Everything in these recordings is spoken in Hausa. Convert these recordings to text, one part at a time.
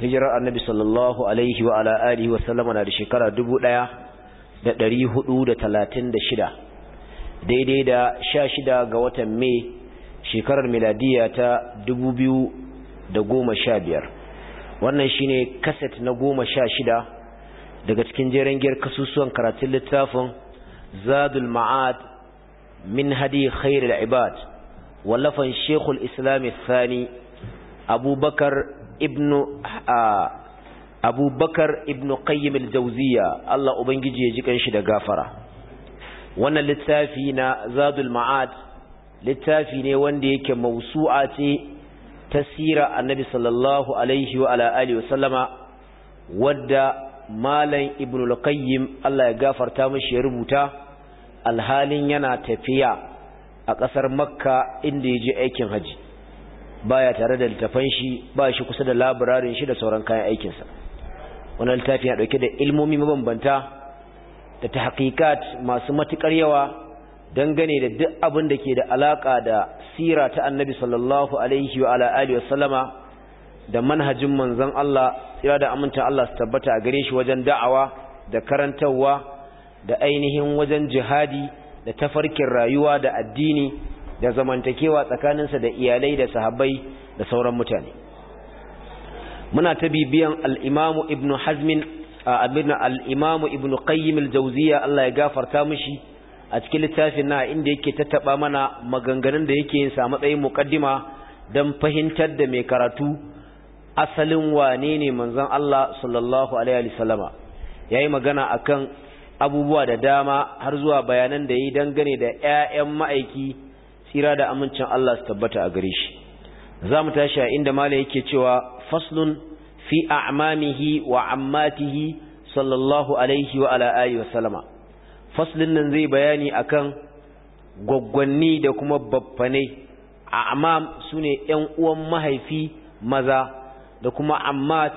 hijirar annabi sallallahu alaihi wa ala alihi wa sallama na da shekara 1436 daidai da 16 ga watan mai shekarar miladiya ta 2015 wannan shine kaset na 16 daga cikin jeren giyar kasusuwan karatun littafin zadul ma'ad min hadi khairul ibad wallafan shekul islami Sani, abubakar ibnu abubakar ibnu qayyim al-jawziya Allah ubangiji ya ji shi da gafara wannan littafi na Zadulma'ad. littafi ne wanda yake mausu'a ce ta sira annabi sallallahu alaihi wa sallama wadda malam ibnu al Allah ya gafarta mashi ya rubuta alhalin yana tafiya a ƙasar makka inda ya je aikin Hajji. baya tare da littafan shi ba shi kusa da labirarin shi da sauran kayan aikinsa wannan littafi ya dauke da ilmomi mabambanta da ta haƙiƙat masu matukar yawa dangane da duk abin da ke da alaƙa da sira ta annabi sallallahu alaihi wa ala alihi wasallama da manhajin manzon Allah tsira da aminta Allah su tabbata a gare shi wajen da'awa da karantarwa da ainihin wajen jihadi da tafarkin rayuwa da addini da zamantakewa tsakaninsa da iyalai da sahabbai da sauran mutane muna ta bibiyan al-imamu ibnu hazmin abinna al-imamu ibnu qayyim al Allah ya gafarta mushi a cikin littafin na inda yake tattaba mana maganganun da yake yin sa matsayin muqaddima dan fahimtar da mai karatu asalin wane ne manzon Allah sallallahu alaihi Ya yayi magana akan abubuwa da dama har zuwa bayanan da yi dangane da 'ya'yan ma'aiki tsira da amincin Allah su tabbata a gare shi za mu tashi a inda mala yake cewa faslun fi a'mamihi wa ammatihi sallallahu alaihi wa ala alihi wa sallama faslin nan zai bayani akan gwaggwanni da kuma babbane a'mam sune ƴan uwan mahaifi maza da kuma ammat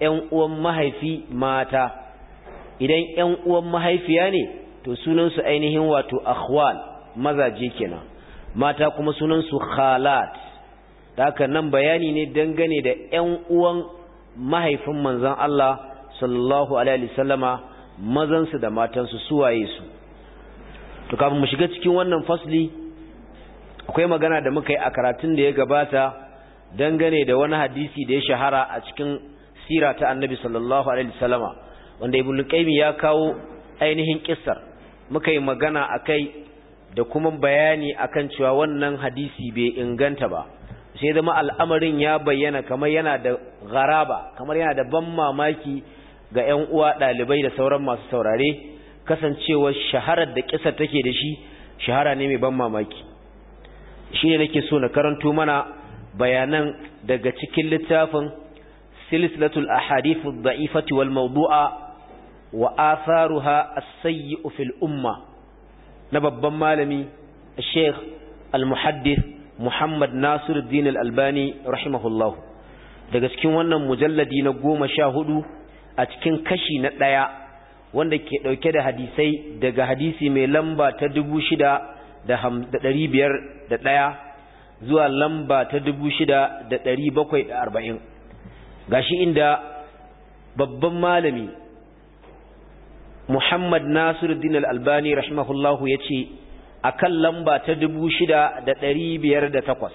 ƴan uwan mahaifi mata idan ƴan uwan mahaifiya ne to sunansu ainihin wato akhwal mazaje kenan mata kuma sunan sunansu khalat haka nan bayani ne dangane da 'yan uwan mahaifin manzan Allah sallallahu alaihi wasallama mazansu da matansu suwaye su to kafin mu shiga cikin wannan fasli akwai magana da muka yi a karatun da ya gabata dangane da wani hadisi da ya shahara a cikin sira ta annabi sallallahu alaihi wasallama wanda ibn qayyim ya kawo ainihin kissar muka yi magana akai da kuma bayani akan cewa wannan hadisi bai inganta ba sai zama al'amarin ya bayyana kamar yana da garaba kamar yana da ban mamaki ga 'yan uwa ɗalibai da sauran masu saurare kasancewar shaharar da kisa take da shi shahara ne mai ban mamaki shi ne nake so na karanto mana bayanan daga cikin littafin silsilatul ahadithu da'ifati wal mawdu'a wa atharuha as-sayyi'u fil umma na babban malami Sheikh Al-Muhaddith Muhammad Nasiruddin Al-Albani rahimahullah daga cikin wannan mujalladi na goma sha hudu a cikin kashi na ɗaya wanda ke ɗauke da hadisai daga hadisi mai lamba ta dubu shida da ɗari biyar da ɗaya zuwa lamba ta dubu shida da ɗari bakwai da arba'in gashi inda babban malami Muhammad Nasiruddin Dinal albani rahimahullahu a kan lamba ta dubu shida da da ɗari biyar takwas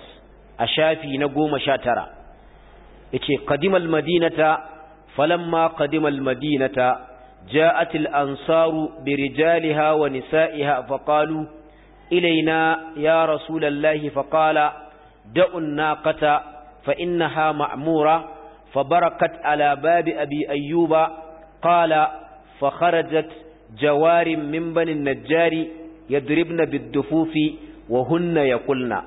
a shafi na goma sha 19 yace qadimal madinata falamma kadimal madinata ja atil ansaru birijaliha wa nisa'iha faqalu ilaina ya rasulallahi faqala da'u an-naqata fa innaha ma'mura fabarakat ala babi abi ayyuba qala فخرجت جوار من بني النجار يضربن بالدفوف وهن يقولن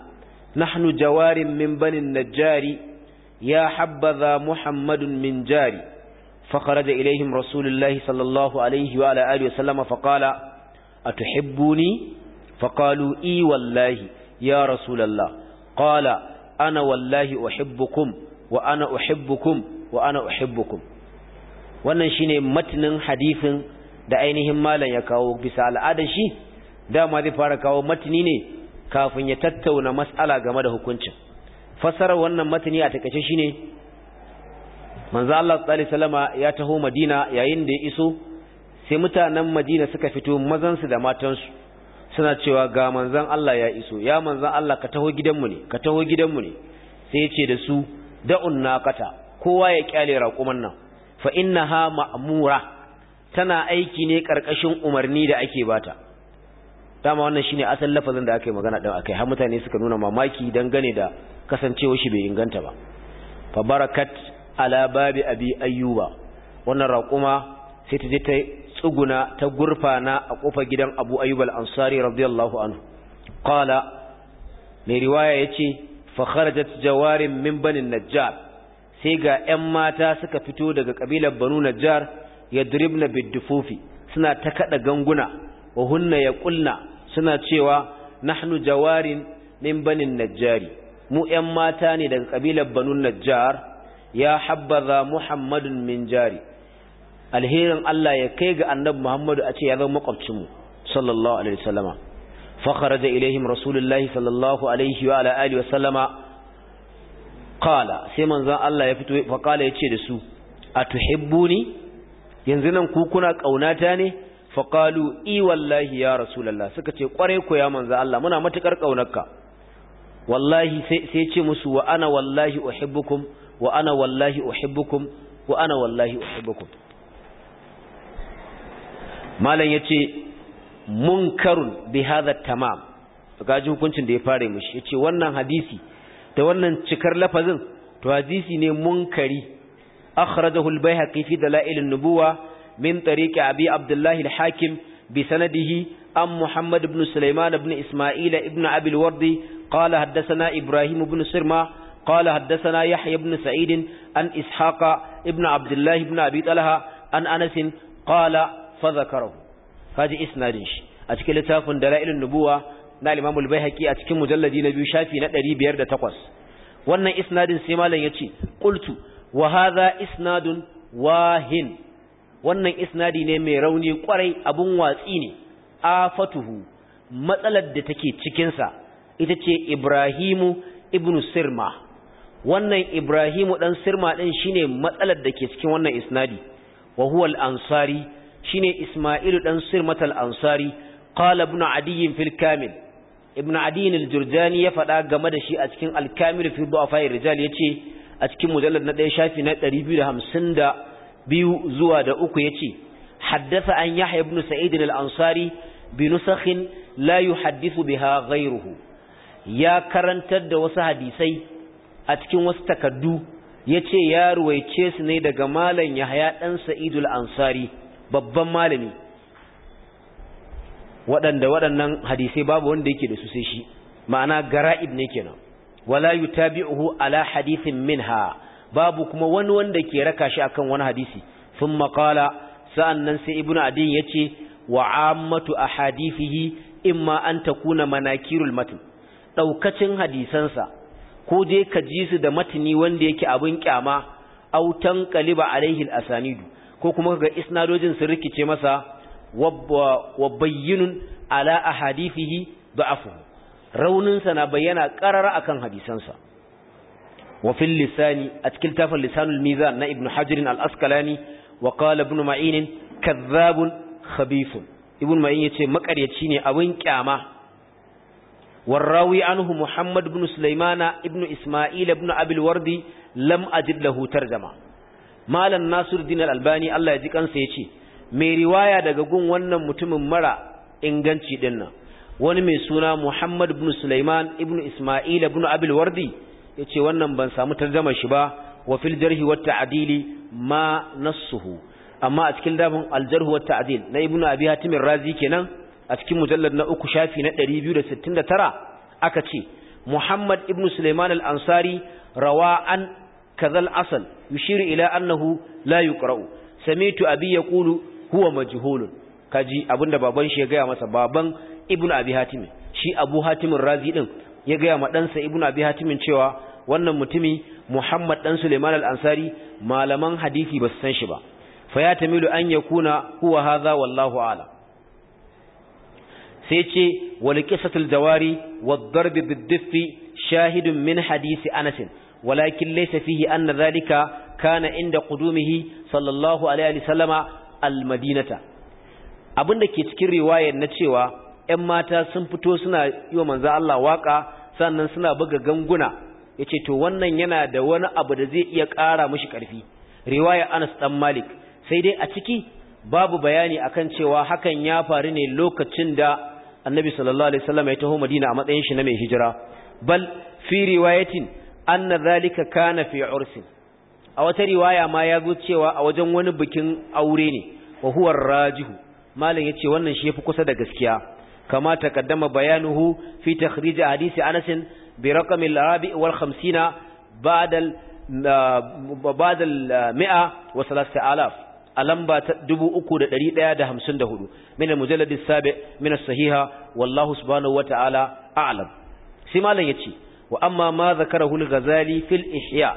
نحن جوار من بني النجار يا حبذا محمد من جاري فخرج إليهم رسول الله صلى الله عليه وعلى آله وسلم فقال أتحبوني فقالوا إي والله يا رسول الله قال أنا والله أحبكم وأنا أحبكم وأنا أحبكم wannan shine matinin hadisin da ainihin malam ya kawo bisa al'ada shi dama zai fara kawo matini ne kafin ya tattauna mas'ala game da hukuncin fasarar wannan matini a takaice shine manzo Allah sallallahu alaihi ya taho Madina yayin da ya iso sai mutanen Madina suka fito mazan su da matan su suna cewa ga manzon Allah ya iso ya manzon Allah ka taho gidanmu ne ka taho gidanmu ne sai ya ce da su da'un naqata kowa ya kyale raƙuman nan fa innaha ma'mura tana aiki ne karkashin umarni da ake bata dama wannan shine asal lafazin da aka yi magana din akai har mutane suka nuna mamaki gane da kasancewar shi bai inganta ba fa barakat ala babi abi ayyuba wannan raquma sai ta je ta tsuguna ta gurfana a kofar gidan abu ayyub al-ansari radiyallahu anhu qala mai riwaya yace fa kharajat jawarin min banin najjar sai ga 'yan mata suka fito daga ƙabilar banu najjar yadribna bidufufi suna ta kaɗa ganguna wa hunna ƙulna suna cewa nahnu jawarin min banin najjari mu 'yan mata ne daga ƙabilar banu najjar ya habbaza muhammadun min jari alherin Allah ya kai ga annabi muhammadu a ce ya zama makwabcinmu sallallahu alaihi wasallama fa da ilaihim rasulullahi sallallahu alaihi wa ala alihi wasallama qala sai manzon Allah ya fito fa qala yace da su atuhibbuni yanzu nan ku kuna kaunata ne fa qalu i wallahi ya rasulullah suka ce kwarai ku ya manzon Allah muna matukar kaunarka wallahi sai sai ce musu wa ana wallahi uhibbukum wa ana wallahi uhibbukum wa ana wallahi uhibbukum malam yace munkarun bi hadha tamam kaji hukuncin da ya fare mushi yace wannan hadisi da wannan cikar lafazin to hadisi ne munkari akhrajahu al-baihaqi fi dalail an-nubuwa min tariqi abi abdullah al-hakim bi sanadihi am muhammad ibn sulaiman ibn isma'il ibn abi al-ward qala haddathana ibrahim ibn sirma قال حدثنا يحيى بن سعيد عن إسحاق ابن عبد الله بن أبي طلحة عن أنس قال فذكره هذه إسناد أتكلم تافن دلائل النبوة na limamul bai a cikin mujalladi na biyu shafi na ɗari biyar da takwas. wannan isnadin sai malam yace qultu wa hadha isnadun wahin wannan isnadi ne mai rauni kwarai abun watsi ne afatuhu matsalar da take cikin sa ita ce Ibrahimu ibn Sirma wannan Ibrahimu dan Sirma din shine matsalar da ke cikin wannan isnadi wa huwa al-Ansari shine Isma'ilu dan Sirmatal Ansari qala ibn adiyin fil ibn adin al-jurjani ya faɗa game da shi a cikin al-kamil fi du'afa rijal yace a cikin mujallad na ɗaya shafi na 252 zuwa da uku yace haddatha an yahya ibn sa'id al-ansari bi nusakhin la yuhaddithu biha ghayruhu ya karantar da wasu hadisai a cikin wasu takaddu yace ya ruwaice su ne daga malam yahya dan sa'id al-ansari babban malami waɗanda waɗannan hadisai babu wanda yake da su sai shi ma'ana gara'ib ne kenan wala yutabi'uhu ala hadithin minha babu kuma wani wanda ke raka shi akan wani hadisi thumma qala sa'annan sai ibnu adin yace wa ammatu ahadithihi imma an takuna manakirul matn daukacin hadisansa ko dai ka ji su da matni wanda yake abun kyama autan ƙaliba alaihi al asanidu ko kuma ga isnadojin sun rikice masa wabbayyinun ala a hadifihi ba afuhu rauninsa na bayyana ƙarara akan hadisansa wafin lissani a cikin tafin lissanul mizan na ibn hajjirin al'askalani wa kala ibn ma'inin kazzabun khabifun ibn ma'in ya ce makaryaci ne abin kyama warrawi anuhu muhammad ibn sulaimana ibn isma'il ibn abilwardi lam ajid lahutar jama malan nasiru dina albani allah ya ji kansa ya ce mai riwaya daga gun wannan mutumin mara inganci din nan wani mai suna Muhammad ibn Sulaiman ibn Isma'il ibn Abil Wardi yace wannan ban samu tarjuma shi ba wa fil jarhi wat ta'dili ma nassuhu amma a cikin dafin al jarh wat ta'dil na ibn Abi Hatim Razi kenan a cikin mujallad na uku shafi na 269 aka ce Muhammad ibn Sulaiman al-Ansari rawa an kazal asal yushiru ila annahu la yuqra'u sami'tu abi yaqulu huwa majhulun kaji abinda baban shi ya gaya masa baban ibnu abi hatim shi abu Hatimin razi din ya gaya ma ɗansa ibnu abi cewa wannan mutumi muhammad dan suleiman al-ansari malaman hadisi ba su san shi ba fa ya tamilu an yakuna huwa hadha wallahu ala. sai ce wal qisatul jawari wad darb bid-diffi shahidun min hadisi anas walakin laysa fihi anna dhalika kana inda qudumihi sallallahu alaihi wasallama almadinata abinda ke cikin riwayar na cewa ‘yan mata sun fito suna yi wa manza Allah waƙa sannan suna buga ganguna ya ce to wannan yana da wani abu da zai iya ƙara mashi ƙarfi riwaya anas ɗan malik sai dai a ciki babu bayani akan cewa hakan ya faru ne lokacin da annabi sallallahu alaihi wasallam ya taho madina a matsayin shi na mai hijira bal fi riwayatin anna zalika kana fi ursin a wata riwaya ma ya zo cewa a wajen wani bikin aure ne wa huwa rajihu malam yace wannan shi yafi kusa da gaskiya kama taqaddama bayanuhu fi takhrij hadisi Anas bi raqam al 100 wa 3000 alamba 3154 min al-mujallad as-sabi min as-sahiha wallahu subhanahu wa ta'ala a'lam sai malam yace wa amma ma zakarahu al-ghazali fil ihya'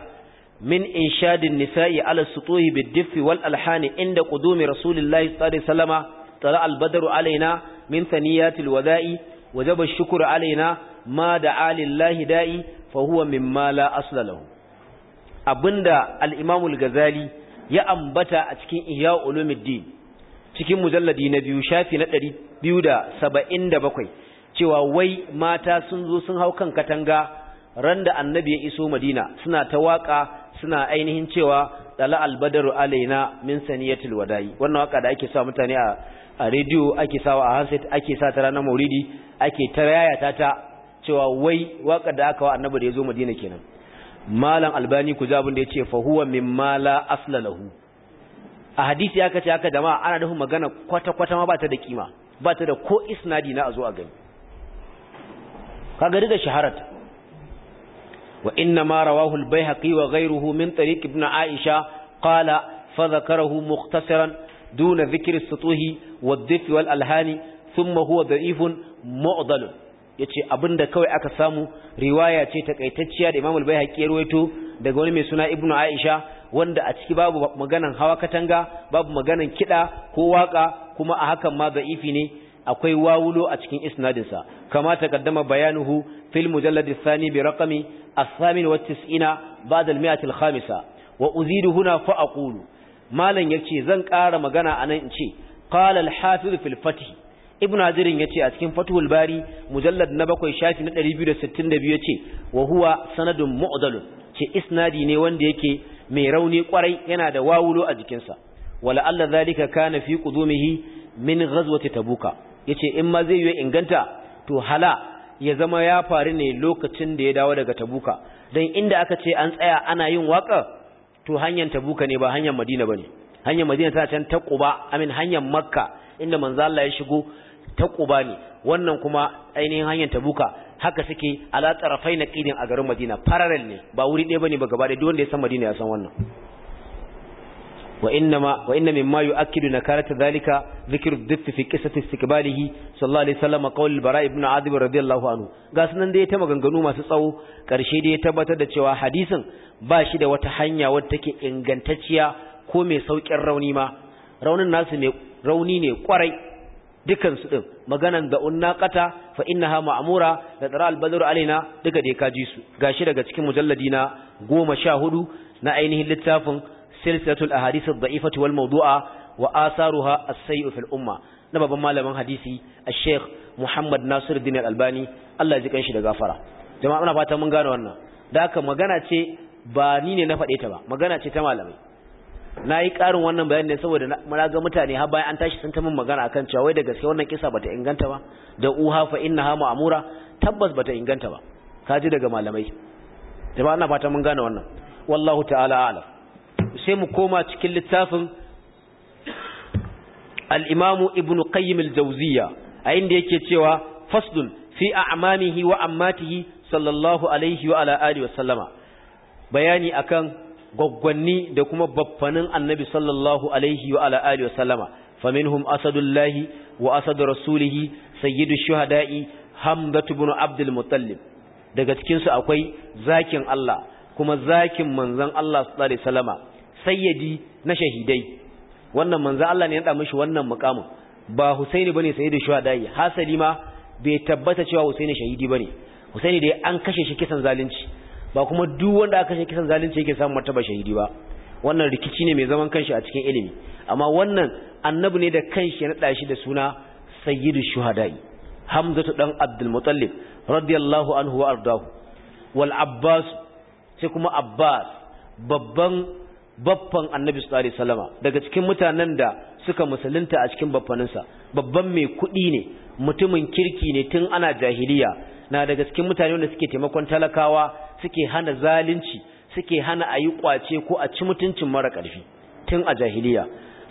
min inshadin nisa'i ala sutuhi bid wal alhani inda qudumi rasulillahi sallallahu alaihi wasallama tala al-badru alaina min thaniyatil wada'i wajaba ash-shukru alaina ma da'a lillahi da'i fa huwa mimma la asla lahu abinda al-imamu al ya ambata a cikin ihya ulumuddin cikin mujalladi na biyu shafi na 277 cewa wai mata sun zo sun hau kan katanga ran da annabi ya iso madina suna ta waka suna ainihin cewa dala albadaru alaina min saniyatul wada'i wannan waka da ake sa mutane a a radio ake sawa a handset ake sa ta ranar mauridi ake tarayaya ta ta cewa wai waka da aka wa annabi da yazo madina kenan malam albani ku da yace fa huwa min mala asla a hadisi aka ce haka jama'a ana dafa magana kwata kwata ma ba ta da kima ba ta da ko isnadi na a zo a gani kaga da shaharat وإنما رواه البيهقي وغيره من طريق ابن عائشة قال فذكره مختصرا دون ذكر السطوه والدف والألهان ثم هو ضعيف معضل yace abinda kawai aka samu riwaya ce takaitacciya da Imam al-Baihaqi ya ruwaito daga wani mai suna ibnu Aisha wanda a ciki babu maganan hawa katanga babu maganan kida ko waka kuma a hakan ma da'ifi ne akwai wawulo a cikin isnadinsa kama taqaddama bayanuhu fil mujallad Sani bi raqami athamin wa tis'ina ba'da al-mi'ati al-khamisa wa uzidu huna fa aqulu malan yace zan ƙara magana anan in ce qala al-hafiz fil fath ibn hazirin yace a cikin fathul bari mujallad na bakwai shafi na 262 yace wa huwa sanadun mu'dalun ce isnadi ne wanda yake mai rauni kwarai yana da wawulo a jikinsa wala alla zalika kana fi qudumihi min ghazwati tabuka Ya ce in ma zai yi inganta to hala ya zama ya faru ne lokacin da ya dawo daga tabuka don inda aka ce an tsaya ana yin waka to hanyar tabuka ne ba hanyar madina ba ne hanyar madina tana can ta quba amin hanyar makka inda Manzala ya shigo taƙuba ne wannan kuma ainihin hanyar tabuka haka suke ala tsarafai na ƙidin a garin madina parallel ne ba wuri ɗaya ne ba gaba ɗaya duk wanda ya san madina ya san wannan وإنما وإن مما يؤكد نكارة ذلك ذكر الدف في قصة استقباله صلى الله عليه وسلم قول البراء بن عاذب رضي الله عنه غاسنن دai ta maganganu masu tsawo karshe dai ya tabbatar da cewa hadisin ba shi da wata hanya wadda take ingantacciya ko mai saukin rauni ma raunin nasu mai rauni ne kwarai dukan su din maganan da unnaqata fa innaha ma'mura da tara al-badru alaina duka dai ka ji su gashi daga cikin mujalladi na goma sha hudu na ainihin littafin a ahadith ad-da'ifati wal mawdu'a wa atharuha a sayyi fil umma na babban malamin hadisi a sheikh Muhammad nasiru al-Albani Allah ya kan kanshi da gafara jama'a muna fata mun gane wannan da haka magana ce ba ni ne na faɗe ta ba magana ce ta malamai na yi ƙarin wannan bayan ne saboda na ga mutane har bayan an tashi sun ta min a akan cewa wai da gaske wannan kisa bata inganta ba da uha fa innaha ma'mura tabbas bata inganta ba kaji daga malamai jama'a fata mun gane wannan wallahu ta'ala a'lam sai mu koma cikin littafin Al'imamu imamu ibn qayyim al-jawziya a inda yake cewa fasdun fi a'mamihi wa ammatihi sallallahu alaihi wa ala alihi wa sallama bayani akan gwaggwanni da kuma baffanin annabi sallallahu alaihi wa ala alihi wa sallama faminhum asadullahi wa asadu rasulihi sayyidu shuhada'i hamdatu ibn abdul muttalib daga cikinsu akwai zakin Allah kuma zakin manzan Allah sallallahu alaihi wasallama sayyidi na shahidai wannan manzo Allah ne ya da mishi wannan mukamin ba Husaini bane sayyidu shuhadai hasali ma bai tabbata cewa Husaini shahidi bane Husaini dai an kashe shi kisan zalunci ba kuma duk wanda aka kashe kisan zalunci yake samun martaba shahidi ba wannan rikici ne mai zaman kanshi a cikin ilimi amma wannan annabi ne da kanshi ya nada shi da suna sayyidu shuhadai hamzatu dan abdul muttalib radiyallahu anhu wa ardahu wal abbas sai kuma abbas babban baffan annabi sallallahu alaihi wasallama daga cikin mutanen da suka musulunta a cikin baffaninsa babban mai kudi ne mutumin kirki ne tun ana jahiliya na daga cikin mutane wanda suke taimakon talakawa suke hana zalunci suke hana a kwace ko a ci mutuncin mara karfi tun a jahiliya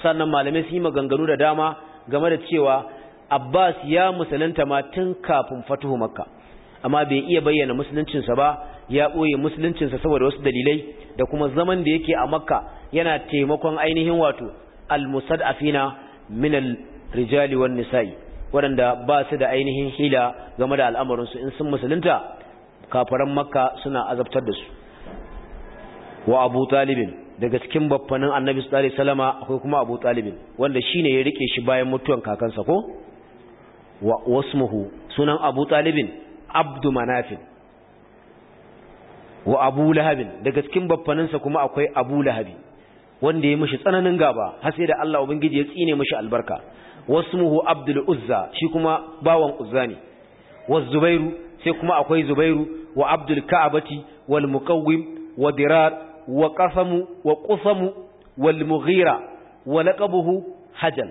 sannan malamai sun yi maganganu da dama game da cewa abbas ya musulunta ma tun kafin fatuhu makka amma bai iya bayyana musuluncinsa ba ya ɓoye musuluncinsa saboda wasu dalilai da kuma zaman da yake a makka yana taimakon ainihin wato almusad'afina min rijali wan nisa'i waɗanda ba su da ainihin hila game da al'amarinsu in sun musulunta kafaran makka suna azabtar da su wa abu talibin daga cikin baffanin annabi sallallahu alaihi akwai kuma abu talibin wanda shine ya rike shi bayan mutuwan kakansa ko wa wasmuhu sunan abu talibin abdu manafin wa abu lahabin daga cikin baffaninsa kuma akwai abu lahabi wanda ya mishi tsananin gaba har sai da Allah ubangiji ya tsine mishi albarka wasmuhu abdul uzza shi kuma bawan uzza ne was zubairu sai kuma akwai zubairu wa abdul ka'abati wal muqawwim wa dirar wa qasamu wa qusamu wal mughira wa laqabuhu hajal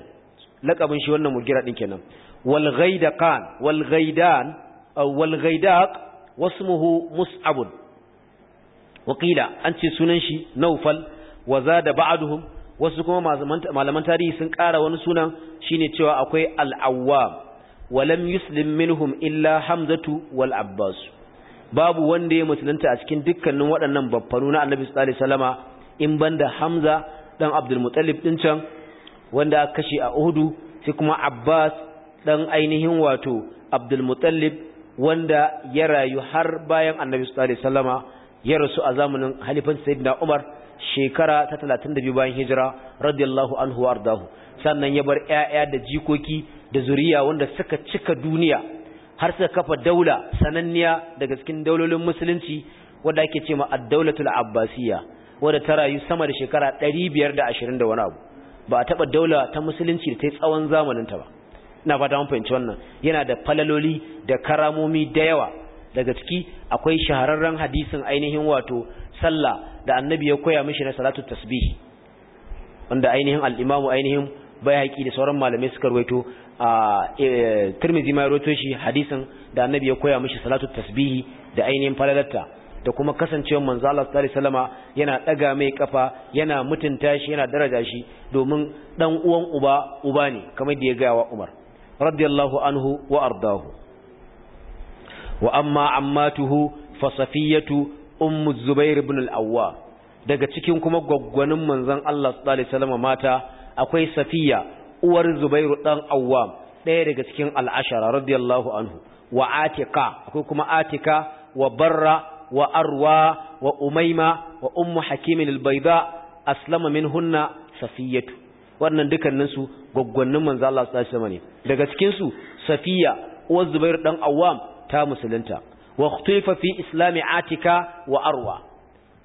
laqabin shi wannan mughira din kenan wal ghaidaqan wal ghaidan wal ghaidaq wasmuhu mus'abun wakila an ce sunan shi naufal wa da ba'aduhum wasu kuma malaman tarihi sun ƙara wani sunan shine cewa akwai al'awwa awwam wa lam yuslim minhum illa hamzatu wal abbas babu wanda ya musulunta a cikin dukkanin waɗannan baffanu na annabi sallallahu alaihi wasallama in banda hamza dan abdul muttalib din can wanda aka kashe a uhudu sai kuma abbas dan ainihin wato abdul muttalib wanda ya rayu har bayan annabi sallallahu alaihi wasallama ya rasu a zamanin halifan sayyidina Umar shekara ta talatin da biyu bayan hijira radiyallahu anhu arzahu sannan ya bar yaya da jikoki da zuriya wanda suka cika duniya har suka kafa daula sananniya daga cikin daulolin musulunci wanda ake cewa ad-daulatul abbasiyya wanda ta rayu sama da shekara biyar da wani abu ba a taba daula ta musulunci da ta tsawon zamanin ta ba ina fata mun fahimci wannan yana da falaloli da karamomi da yawa daga ciki akwai shahararren hadisin ainihin wato sallah da annabi ya koya mishi na salatu tasbih wanda ainihin al-imamu ainihin bayhaqi da sauran malamai suka rawaito a e, Tirmidhi ma rawaito shi hadisin da annabi ya koya mishi salatu tasbih da ainihin falalarta da kuma kasancewar manzo Allah sallallahu alaihi wasallama yana daga mai kafa yana mutunta shi yana daraja shi domin dan uwan uba uba ne kamar da ya ga wa Umar radiyallahu anhu wa ardahu wa amma tuhu fa safiyatu ummu Zubairu bin al-awwa daga cikin kuma gwaggwanin manzon Allah sallallahu alaihi mata akwai safiya uwar zubairu dan Awwa. ɗaya daga cikin al'ashara radiyallahu anhu wa atika akwai kuma atika wa barra wa arwa wa umaima wa ummu hakimin albaida aslama hunna safiyatu wannan dukkaninsu su gwaggwannin Allah sallallahu alaihi ne daga cikin su safiya uwar zubairu dan awwam ta musulunta wa khutifa fi islami atika wa arwa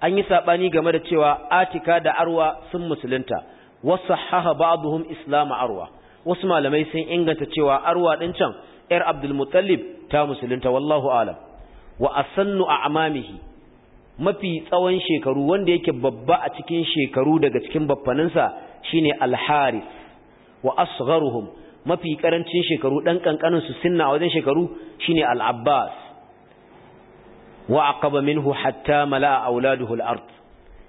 an yi sabani game da cewa atika da arwa sun musulunta wasu haha hum islamu arwa wasu malamai sun inganta cewa arwa din can yar abdul Muttalib, ta musulunta wallahu alam wa asannu a amamihi mafi tsawon shekaru wanda yake babba a cikin shekaru daga cikin baffaninsa shine al-haris wa asgharuhum mafi karancin shekaru ɗan kankanin su sinna wajen shekaru shine al-Abbas wa aqaba minhu hatta mala'a a al-ard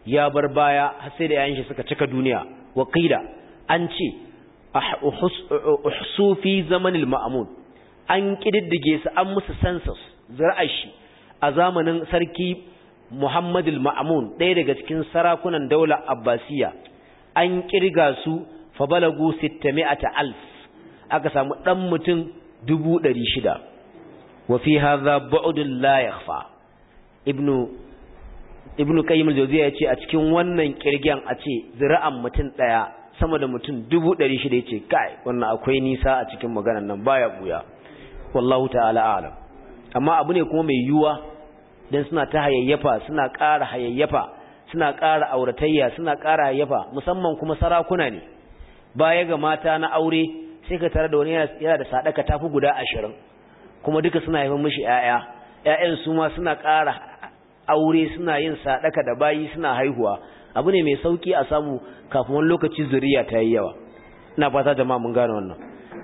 ya bar baya har sai da yayin suka cika duniya wa an ce a ah, fi zamanin ma'amun, an ƙididdige su an musu sansus zar'ar shi a zamanin sarki Muhammadu ma'amun ɗaya daga cikin sarakunan daular Abbasiya an ƙirga su fa balagu 600 alf aka samu ɗan mutum dubu ɗari shida wa fi hadha layafa. ibnu ibnu qayyim ya ce a cikin wannan kirgiyar a ce zira'an mutum ɗaya sama da mutum dubu shida ya ce kai wannan akwai nisa a cikin maganar nan baya buya wallahu ta'ala a'lam amma abu ne kuma mai yiwuwa. dan suna ta hayayyafa suna ƙara hayayyafa suna ƙara auratayya suna ƙara hayayyafa musamman kuma sarakuna ne baya ga mata na aure sai ka tare da wani yana da sadaka tafi guda ashirin kuma duka suna haifar mishi 'yaya yayan su ma suna ƙara aure suna yin sadaka da bayi suna haihuwa abu ne mai sauki a samu kafin wani lokaci zuriya ta yi yawa ina fata jama'a mun gane wannan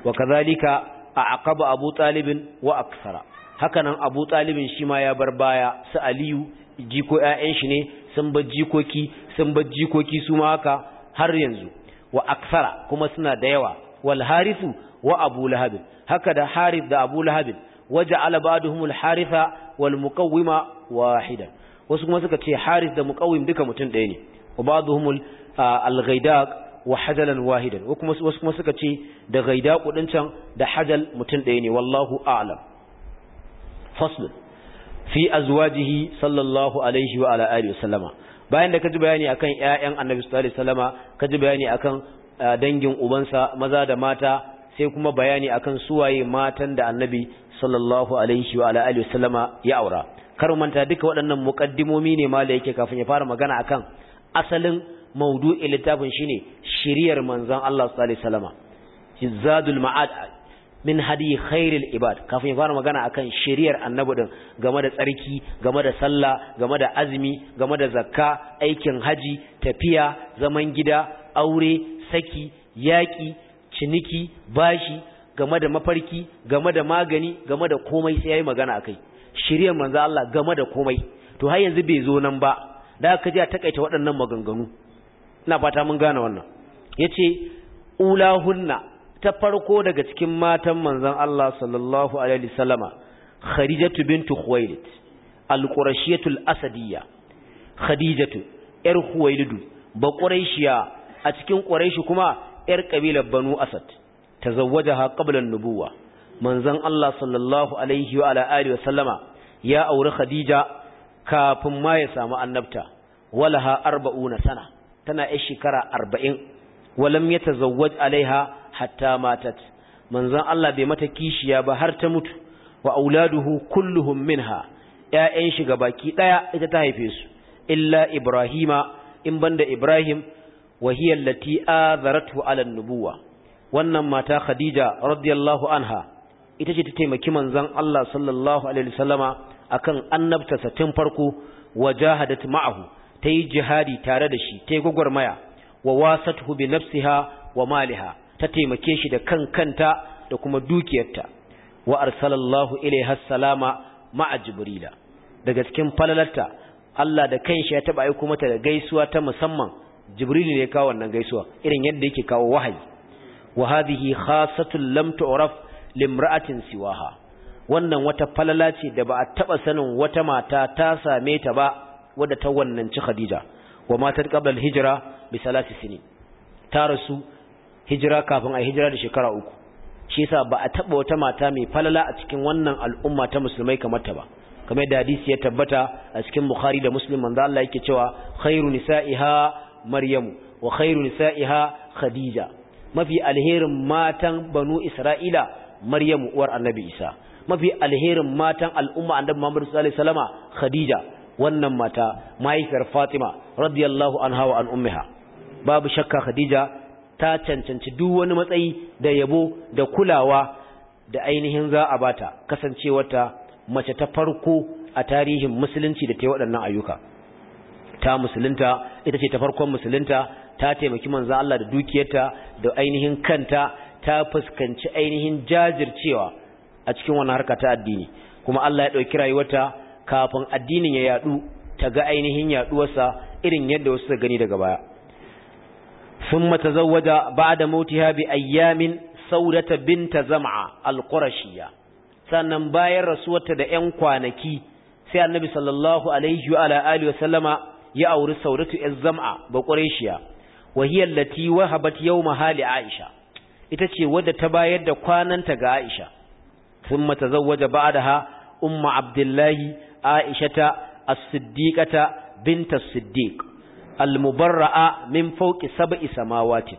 wa kazalika a aqaba abu talibin wa aksara hakanan abu talibin shi ma ya bar baya su aliyu jiko yayan shi ne sun bar jikoki sun bar jikoki su ma haka har yanzu wa aksara kuma suna da yawa wal harithu wa abu lahab haka da Haris da abu lahab waja'ala ba'dhum al wasu kuma suka ce harith da muqawwim duka mutum ɗaya ne wa ba'dhum al ghaidaq wa hajalan wahidan wasu kuma suka ce da ghaidaq din can da hajal mutum ɗaya ne wallahu a'lam fasl fi azwajihi sallallahu alaihi wa ala alihi wasallama bayan da kaji bayani akan ƴaƴan annabi sallallahu alaihi wasallama kaji bayani akan dangin ubansa maza da mata sai kuma bayani akan suwaye matan da annabi sallallahu alaihi wa alihi wasallama ya aura kar manta duka waɗannan muqaddimomi ne ma yake kafin ya fara magana akan asalin maudu'i littafin shine shiriyar manzon Allah sallallahu alaihi wasallama zadul ma'ad min hadi khairil ibad kafin ya fara magana akan shiriyar annabi din game da tsarki game da sallah game da azumi game da zakka aikin haji tafiya zaman gida aure saki yaƙi ciniki bashi game da mafarki game da magani game da komai sai yayi magana akai shiryar manzo Allah game da komai to har yanzu bai zo nan ba da aka ji a takaita waɗannan maganganu ina fata mun gane wannan yace ulahunna ta farko daga cikin matan manzon Allah sallallahu alaihi wasallama khadijatu bintu khuwailid al-qurashiyatu al-asadiyya khadijatu yar khuwailidu ba quraishiya a cikin quraishi kuma yar kabilar banu asad tazawwajaha qabla ƙablan nubuwa manzon Allah sallallahu alaihi wa wa sallama ya auri khadija kafin ma ya samu annabta walaha arba'una sana tana yar shekara arba'in. walam yatazawwaj alaiha hatta matat manzon Allah bai mata kishiya ba har ta mutu wa auladuhu kulluhum minha Ya'yan shi baki ɗaya ita ta haife su illa ibrahima in banda ibrahim Wahiyar lati allati azaratu nubuwa wannan mata khadija radiyallahu anha ita ce ta taimaki manzon Allah sallallahu alaihi wasallama akan annabta tun farko jahadat ma'ahu tayi jihadi tare da shi tayi gwagwarmaya wa wasathu bi nafsiha wa maliha ta taimake shi da kan kanta da kuma dukiyarta wa arsalallahu ilaiha salama ma'a jibrila daga cikin falalarta Allah da kanshi ya taba aiko mata da gaisuwa ta musamman jibrilu ne kawo wannan gaisuwa irin yadda yake kawo wahayi wa hadhihi khassatun lam tu'raf limra'atin siwaha wannan wata falala ce da ba a taba sanin wata mata ta same ta ba wadda ta wannan ci Khadija wa matar qabla hijira bi salasi sini ta rasu hijira kafin a hijira da shekara uku shi yasa ba a taba wata mata mai falala a cikin wannan al'umma ta musulmai kamar ta ba kamar da hadisi ya tabbata a cikin Bukhari da Muslim manzo Allah yake cewa khairu nisa'iha maryamu wa khairu nisa'iha khadija mafi alherin matan banu isra'ila maryamu uwar annabi isa mafi alherin matan al'umma annabi muhammad sallallahu alaihi wasallama khadija wannan mata mahaifiyar fatima radiyallahu anha wa an ummiha babu shakka khadija ta cancanci duk wani matsayi da yabo da kulawa da ainihin za a bata kasancewarta mace ta farko a tarihin musulunci da ta yi waɗannan ayyuka ta musulunta ita ce ta farkon musulunta ta taimaki manzo Allah da dukiyarta da ainihin kanta ta fuskanci ainihin jajircewa a cikin wannan harka ta addini kuma Allah ya dauki rayuwarta kafin addinin ya yadu ta ga ainihin yaduwarsa irin yadda wasu suka gani daga baya ثم تزوج بعد ayyamin saudata Binta zam'a al القرشية sannan bayan rasuwarta da 'yan kwanaki sai annabi sallallahu alaihi wa alihi wa sallama ya auri sauratu 'yan zam'a ba ƙureshiya wahiyar lati wahabat yau mahali aisha ita ce wadda ta bayar da kwananta ga aisha sun mata waje ba da ha umma abdullahi aishata as siddiƙata binta siddiq almubarra'a mubarraa min fawqi sab'i samawati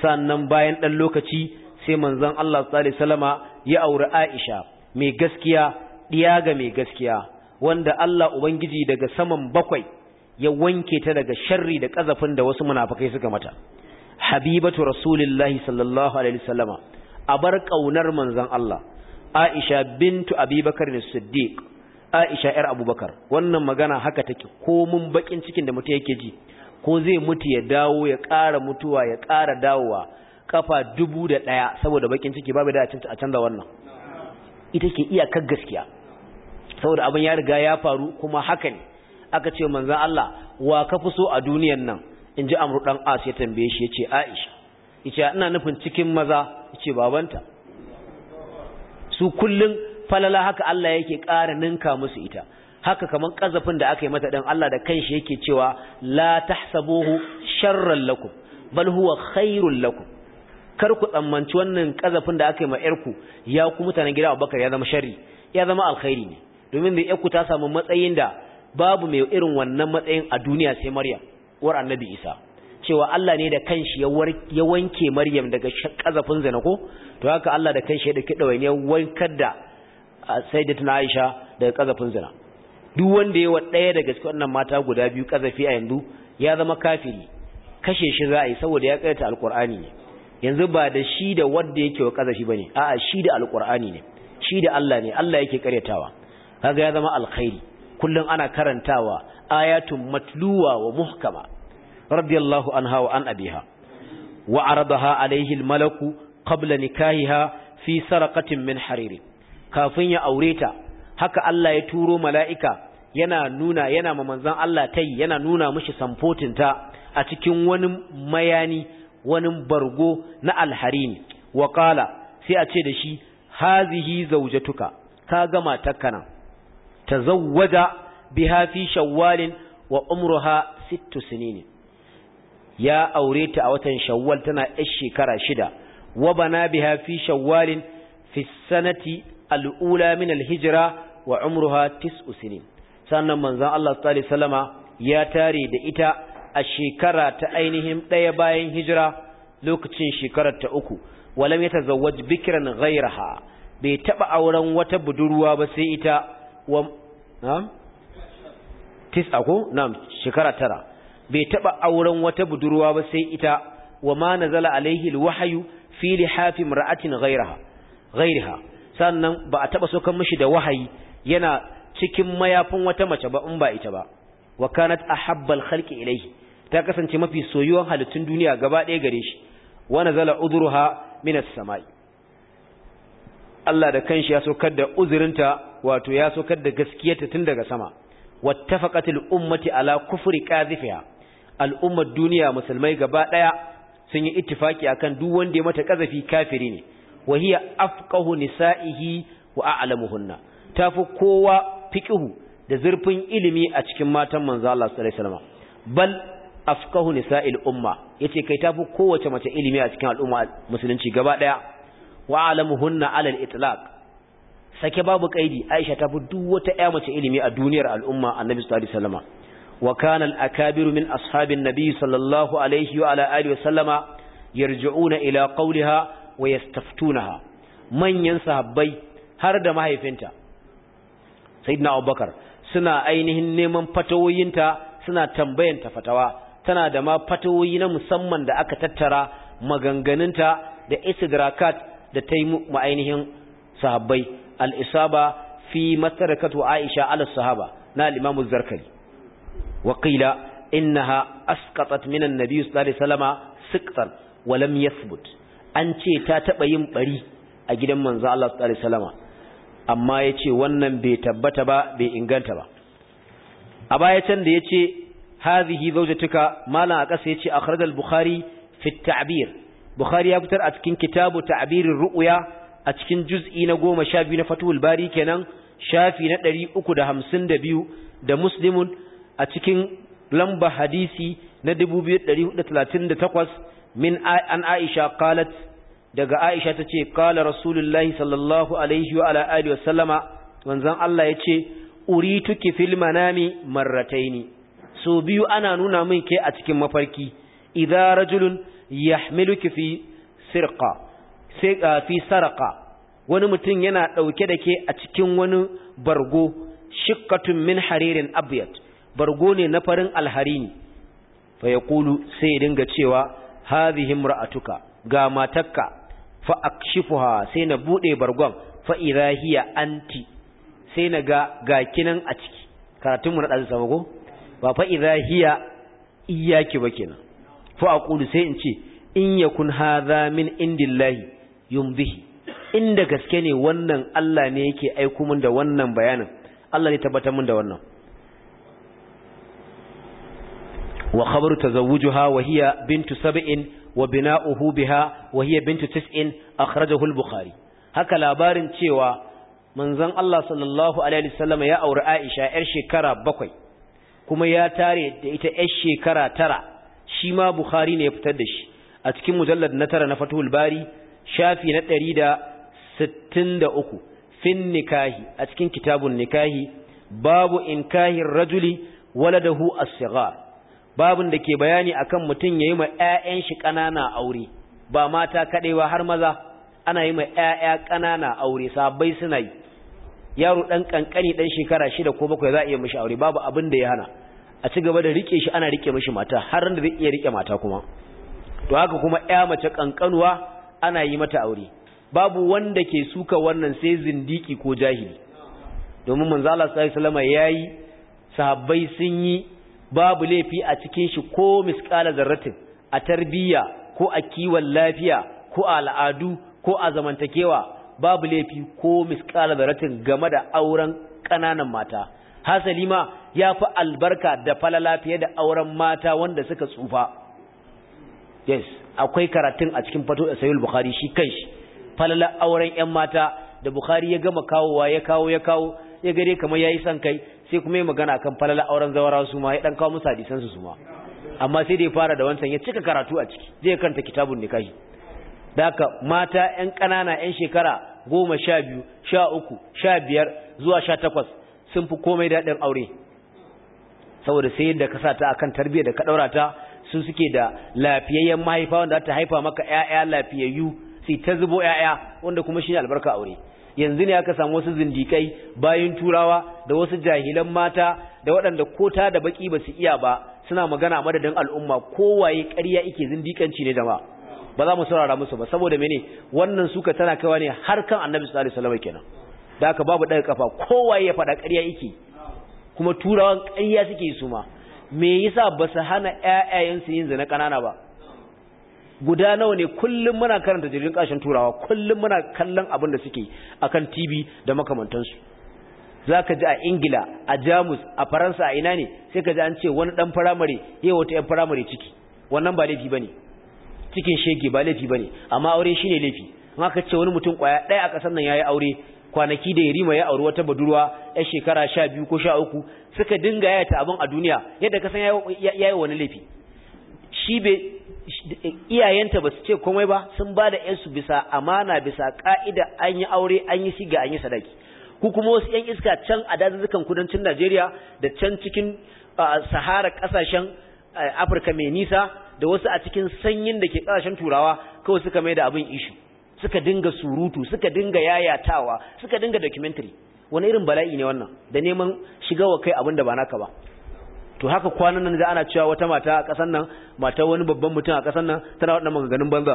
sannan bayan ɗan lokaci sai manzon Allah sallallahu ya auri Aisha mai gaskiya ɗiya ga mai gaskiya wanda Allah ubangiji daga saman bakwai ya wanke ta daga sharri da kazafin da wasu munafikai suka mata habibatu rasulillahi sallallahu alaihi wasallama abar kaunar manzon Allah Aisha bintu Abubakar as-Siddiq Aisha ‘yar Abubakar, wannan magana haka take mun bakin cikin da mutum yake ji, ko zai mutu ya dawo ya ƙara mutuwa ya ƙara dawowa kafa dubu da ɗaya saboda bakin ciki babu da a canza wannan. Ita ke iyakar gaskiya, saboda abin ya riga ya faru kuma haka ne, aka ce manzan Allah wa ka fi so a duniyan nan in ji amru ɗan as ya tambaye shi ya ce aisha ya ina nufin cikin maza ya ce babanta su kullum falala haka Allah yake ƙara ninka musu ita haka kamar ƙazafin da aka yi mata dan Allah da kanshi yake cewa la tahsabuhu sharran lakum bal huwa khairul lakum kar ku tsammanci wannan ƙazafin da aka yi ma yarku ya ku mutanen gida Abubakar ya zama shari ya zama alkhairi ne domin da ƴarku ta samu matsayin da babu mai irin wannan matsayin a duniya sai maryam war annabi isa cewa Allah ne da kanshi ya wanke maryam daga kazafin zina ko to haka Allah da kanshi ya dauki da ya wankar da sayyidatuna aisha daga kazafin zina duk wanda yawa daya daga cikin wannan mata guda biyu kazafi a yanzu ya zama kafiri kashe shi za a yi saboda ya kaita alqur'ani ne yanzu ba da shi da wanda yake wa kazafi bane a'a shi da alqur'ani ne shi da Allah ne Allah yake karyatawa kaga ya zama alkhairi kullum ana karantawa ayatun matluwa wa muhkama radiyallahu anha wa an abiha wa aradaha alaihi almalaku qabla nikahiha fi sarqatin min hariri kafin ya aure ta haka Allah ya turo mala'ika yana nuna yana ma manzon Allah tai yana nuna mishi samfotin ta a cikin wani mayani wani bargo na alharini wa qala sai a ce da shi hazihi zaujatuka ka gama takkana tazawwaja biha fi shawwalin wa umruha sittu ya aureta a watan shawal tana yar shekara shida wa bana biha fi shawwalin fi al'ula min al wa umruha tis'u sannan manzon Allah sallallahu alaihi wasallama ya tare da ita a shekara ta ainihin ɗaya bayan hijira lokacin shekarar ta uku walam yatazawwaj bikran ghayraha bai taɓa auren wata budurwa ba sai ita na'am tis'a ko na'am shekara tara bai taɓa auren wata budurwa ba sai ita wa ma nazala alaihi wahayu fi lihafi imra'atin ghayraha sannan ba a taɓa sokan mashi da wahayi yana cikin mayafin wata mace ba in ba ita ba wa kanat habbal khalqi ilaihi ta kasance mafi soyuwan halittun duniya gaba ɗaya gare shi wa zala uzurha minas samai Allah da kanshi ya saukar da uzurinta wato ya sokar da gaskiyarta tun daga sama wattafaqatil ummati ala kufri qazifiha al'ummar duniya musulmai gaba daya sun yi ittifaki akan duk wanda ya mata kazafi kafiri ne wa hiya afqahu nisaihi wa a'lamuhunna tafi kowa fiqhu da zurfin ilimi a cikin matan manzo Allah sallallahu alaihi wasallam bal afqahu nisa'il umma yace kai tafi kowace mace ilimi a cikin al'umma musulunci gaba daya wa a'lamuhunna 'ala al-itlaq sake babu kaidi Aisha ta fi duk wata 'ya mace ilimi a duniyar al'umma Annabi sallallahu alaihi wasallama wa kana al-akabiru min ashabin nabi sallallahu alaihi wa ala alihi wasallama yarji'una ila qawliha wa yastaftunaha manyan sahabbai har da mahaifinta sayyidina Abubakar suna ainihin neman fatawoyinta suna tambayanta fatawa tana da ma fatawoyi na musamman da aka tattara maganganunta da istidrakat da ta yi ainihin sahabbai alisaba isaba fi matarakatu aisha ala na al-imam zarkali wa qila innaha asqatat min an-nabi sallallahu alaihi wasallama siqtan wa an ce ta taɓa yin ɓari a gidan manzo Allah sallallahu alaihi wasallama amma yace wannan bai tabbata ba bai inganta ba a baya can da yace hadhihi zawjatuka malan akasa yace a al-bukhari fi at bukhari ya fitar a cikin kitabu ta'abirin ru'ya a cikin juz'i na goma sha biyu na fatuhul bari kenan shafi na ɗari uku da hamsin da biyu da muslimun a cikin lamba hadisi na dubu biyu ɗari hudu talatin da takwas min an aisha qalat daga aisha ta ce qala rasulullahi sallallahu alaihi wa ala alihi wa sallama manzon Allah ya ce urituki fil manami marrataini so biyu ana nuna min ke a cikin mafarki idza rajulun yahmiluki fi sirqa sai ah, fi saraka wani mutum yana ɗauke da ke a cikin wani bargo shikkatun min haririn abyad bargo ne na farin alharini fa ya kulu sai dinga cewa a imra'atuka ga matakka fa akshifuha sai na buɗe bargon fa irahiya anti sai na ga ga a ciki karatun mu na ɗan sama ba fa irahiya iyaki ba kenan fa a kulu sai in ce in yakun haza min indillahi yumbihi inda gaske ne wannan Allah ne yake aiko min da wannan bayanin Allah ne tabbatar min da wannan wa khabaru tazawujuha wa hiya bintu sab'in wa bina'uhu biha wa hiya bintu tis'in akhrajahu al-bukhari haka labarin cewa manzon Allah sallallahu alaihi wasallam ya aure Aisha yar shekara bakwai kuma ya tare da ita yar shekara tara shi ma bukhari ne ya fitar da shi a cikin mujallad na tara na fathul bari shafi na ɗari da da sittin uku fin nikahi a cikin kitabun nikahi babu inkahin rajuli waladahu as-sighar babun da ke bayani akan mutum yayi wa 'ya'yan shi ƙanana aure ba mata kaɗai ba har maza ana yi ma 'ya'ya ƙanana aure sabai suna yi yaro ɗan ƙanƙani ɗan shekara shida ko 7 za a iya mashi aure babu abin da ya hana a ci gaba da rike shi ana riƙe mashi mata har da zai iya rike mata kuma to haka kuma ƴa mace ƙanƙanuwa. ana yi mata aure babu wanda ke suka wannan sai zindiki ko jahili domin manzo Allah sallallahu alaihi wasallam yayi sahabbai sun yi babu laifi a cikin shi ko misqala zarratin a tarbiyya ko a kiwon lafiya ko a al'adu ko a zamantakewa babu laifi ko misqala zarratin game da auren kananan mata hasali ma yafi albarka da falala fiye da auren mata wanda suka tsufa yes akwai karatun a cikin fato da sayul bukhari shi kanshi falala auren yan mata da bukhari ya gama kawowa ya kawo ya kawo ya gare kamar yayi san kai sai kuma ya magana akan falala auren zawara su ma ya dan kawo Musa hadisan su su ma amma sai da ya fara da wancan ya cika karatu a ciki zai karanta kitabun nikahi da haka mata yan kanana yan shekara goma sha biyu sha uku sha biyar zuwa sha takwas sun fi komai daɗin aure saboda sai yadda ka sa ta akan tarbiyya da ka ɗaura ta su suke da lafiyayyen mahaifa wanda ta haifa maka ƴaƴa lafiyayyu sai ta zubo ƴaƴa wanda kuma shine albarka aure yanzu ne aka samu wasu zindikai bayan turawa da wasu jahilan mata da waɗanda ko ta da baki ba su iya ba suna magana a madadin al'umma kowaye ƙarya yake zindikanci ne jama'a ba za mu saurara musu ba saboda mene wannan suka tana kaiwa ne har kan annabi sallallahu alaihi wasallam kenan da aka babu daga kafa kowaye ya faɗa ƙarya yake kuma turawan ƙarya suke su ma me yasa ba su hana ƴaƴayensu yin zina ƙanana ba guda nawa ne kullum muna karanta jirgin ƙashin turawa kullum muna kallon abin da suke a kan TV da makamantansu zaka ji a Ingila a Jamus a Faransa a ina ne sai ka ji an ce wani dan firamare yayi wata 'yan firamare ciki wannan ba laifi bane cikin shege ba laifi bane amma aure shine laifi amma ka ce wani mutum ƙwaya ɗaya a ƙasar nan yayi aure kwanaki da yarima ya auri wata budurwa ya shekara sha ko sha uku suka dinga yaya ta abin a duniya yadda ka san ya wani laifi shi be iyayenta ba su ce komai ba sun ba da su bisa amana bisa ka'ida an yi aure an yi shiga an yi sadaki ku kuma wasu yan iska can a dazuzzukan kudancin najeriya da can cikin sahara kasashen afirka mai nisa da wasu a cikin sanyin da ke kasashen turawa kawai suka mai da abin ishu suka dinga surutu suka dinga yayatawa suka dinga documentary wani irin bala'i ne wannan da neman shiga wa kai abin da ba naka ba to haka kwanan nan da ana cewa wata mata a ƙasar nan mata wani babban mutum a ƙasar nan tana waɗannan maganganun banza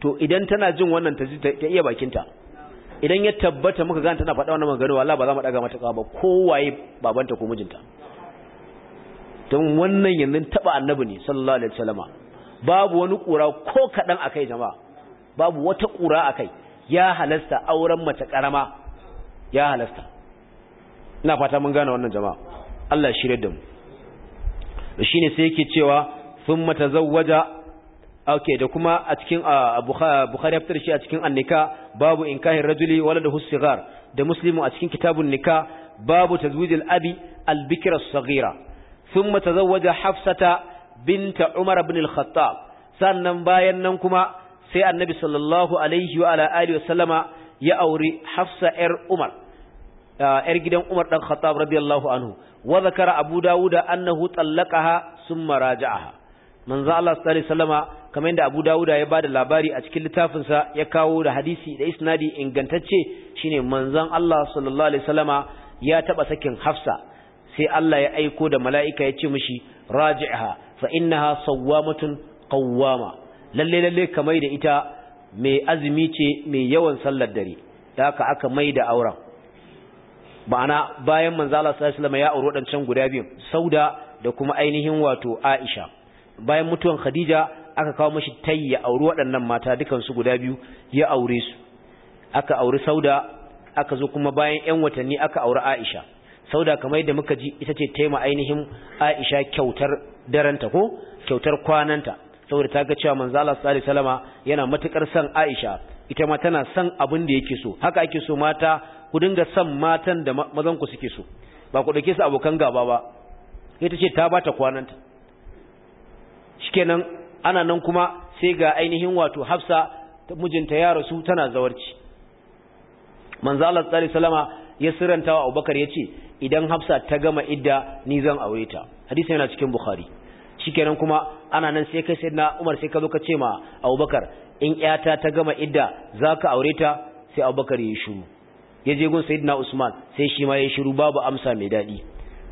to idan tana jin wannan ta ta iya bakinta idan ya tabbata muka gane tana faɗa wannan maganganu wallahi ba za mu daga mata ba kowaye babanta ko mijinta don wannan yanzu taba annabi ne sallallahu alaihi wasallama babu wani kura ko kadan akai jama'a babu wata ƙura a kai ya halasta auren mace ƙarama ya halasta ina fata mun gane wannan jama'a Allah ya shirye da mu shi ne sai yake cewa sun mata zawwaja ok da kuma a cikin bukhari fitar shi a cikin annika babu in kahin rajuli wala da hussigar da muslimu a cikin kitabun nika babu tazwijil abi albikira sagira sun mata zawwaja hafsata binta umar bin al-khattab sannan bayan nan kuma sai annabi sallallahu alaihi wa ala alihi wasallama ya auri hafsa yar umar yar gidan umar dan khattab radiyallahu anhu wa zakara abu dawuda annahu tallaqaha summa raja'aha manzo Allah sallallahu alaihi wasallama kamar yadda abu dawuda ya bada labari a cikin littafin sa ya kawo da hadisi da isnadi ingantacce shine manzon Allah sallallahu alaihi wasallama ya taba sakin hafsa sai Allah ya aiko da mala'ika ya ce mishi raji'aha fa innaha sawwamatun qawwama lalle lalle ka da ita mai azumi ce mai yawan sallar dare da haka aka mai da auren ma'ana bayan manzo Allah sallallahu alaihi ya aure waɗancan guda biyu Sauda da kuma ainihin wato Aisha bayan mutuwan Khadija aka kawo mishi tayya aure waɗannan mata dukan su guda biyu ya aure su aka aure Sauda aka zo kuma bayan ƴan watanni aka auri Aisha Sauda kamar yadda muka ji ita ce taima ainihin Aisha kyautar daranta ko kyautar kwananta saboda ta ga cewa manzo Allah sallallahu alaihi wasallama yana matukar son Aisha ita ma tana son abin da yake so haka ake so mata ku dinga son matan da mazan ku suke so ba ku dauke su abokan gaba ba ita ce ta bata kwananta shikenan ana nan kuma sai ga ainihin wato Hafsa mijinta ya rasu tana zawarci manzo Allah sallallahu alaihi wasallama ya siranta wa Abubakar yace idan Hafsa ta gama idda ni zan aure ta hadisi yana cikin Bukhari shikenan kuma ana nan sai kai sayyidina Umar sai ka zo ka ce ma Abubakar in iyata ta gama idda zaka aure ta sai Abubakar ya shiru ya je gun sayyidina Usman sai shi ma ya shiru babu amsa mai dadi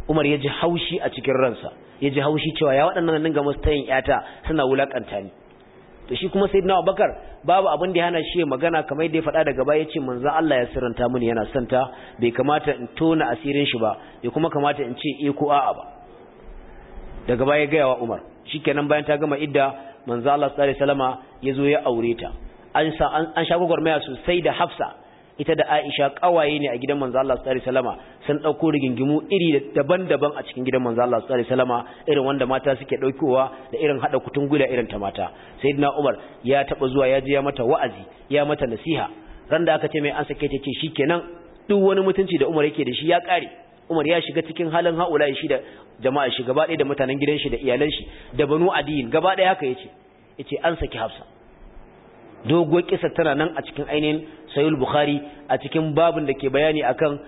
Umar ya ji haushi a cikin ransa ya ji haushi cewa ya waɗannan nan ga mustayin iyata suna wulakanta ni to shi kuma sayyidina Abubakar babu abin da ya hana shi magana kamar da ya faɗa daga baya yace manzo Allah ya siranta mini yana santa bai kamata in tona asirin shi ba ya kuma kamata in ce eh ko a'a ba daga baya gaya wa Umar shikenan bayan ta gama idda manzo Allah sallallahu alaihi wasallama yazo ya aure ta an sa an sha gwagwarmaya sosai da Hafsa ita da Aisha kawaye ne a gidan manzo Allah sallallahu alaihi wasallama sun dauko rigingimu iri daban-daban a cikin gidan manzo Allah sallallahu alaihi wasallama irin wanda mata suke daukowa da irin hada kutungula irin ta mata sayyidina Umar ya taba zuwa ya ji ya mata wa'azi ya mata nasiha ran da aka ce mai an sake ta ce shikenan duk wani mutunci da Umar yake da shi ya kare Umar ya shiga cikin halin haula shi da jama'a shi gaba ɗaya da mutanen gidan shi da iyalan shi da banu adiyin gaba ɗaya haka yace yace an saki Hafsa dogon kisa tana nan a cikin ainihin Sahih Bukhari a cikin babin da ke bayani akan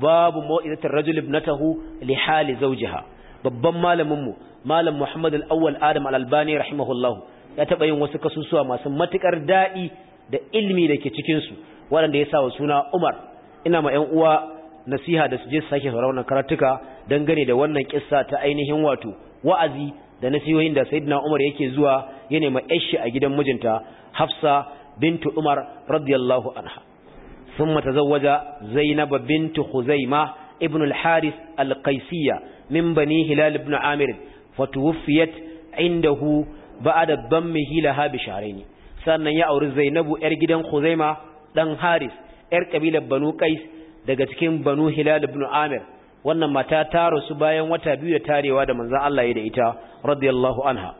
babu mau'izatar rajul ibnatahu li hali zawjiha babban malamin mu malam Muhammad al-Awwal Adam al-Albani rahimahullahu ya taba yin wasu kasusuwa masu matukar daɗi da ilmi da ke cikin su waɗanda ya sa wa suna Umar ina ma 'yan uwa nasiha da su je su sake sauraron karatuka dangane da wannan kissa ta ainihin wato wa'azi da nasihohin da sayyidina Umar yake zuwa ya nema aisha a gidan mijinta Hafsa bintu Umar radiyallahu anha ثم تزوج زينب بنت خزيمة ابن الحارث bani من بني هلال بن عامر فتوفيت عنده بعد ضمه لها بشهرين sannan ya auri Zainabu ‘yar gidan Khuzaima ɗan Haris, ‘yar kabilar Banu Kais daga cikin banu hilal ibn amir wannan mata ta rasu bayan wata biyu da tarewa da manzan Allah ya da ita radiyallahu anha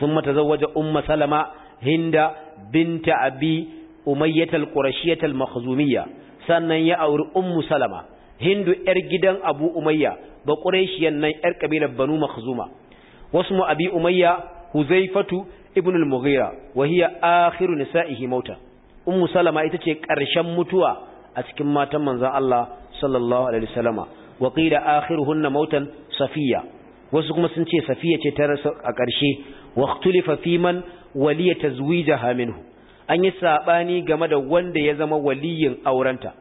thumma tazawwaja umma salama hinda binta abi umayyah al-qurashiyyah makhzumiyya sannan ya auri ummu salama hindu yar gidan abu umayya ba qurashiyan nan yar kabilar banu makhzuma wasmu abi umayya huzaifatu ibn al-mughira wa hiya akhiru nisa'ihi mauta ummu salama ita ce ƙarshen mutuwa a cikin matan manzon Allah sallallahu alaihi wasallama wa qila mautan safiya wasu kuma sun ce safiya ce ta rasu a ƙarshe wa ikhtulifa fi man waliya tazwijaha minhu an yi sabani game da wanda ya zama waliyin aurenta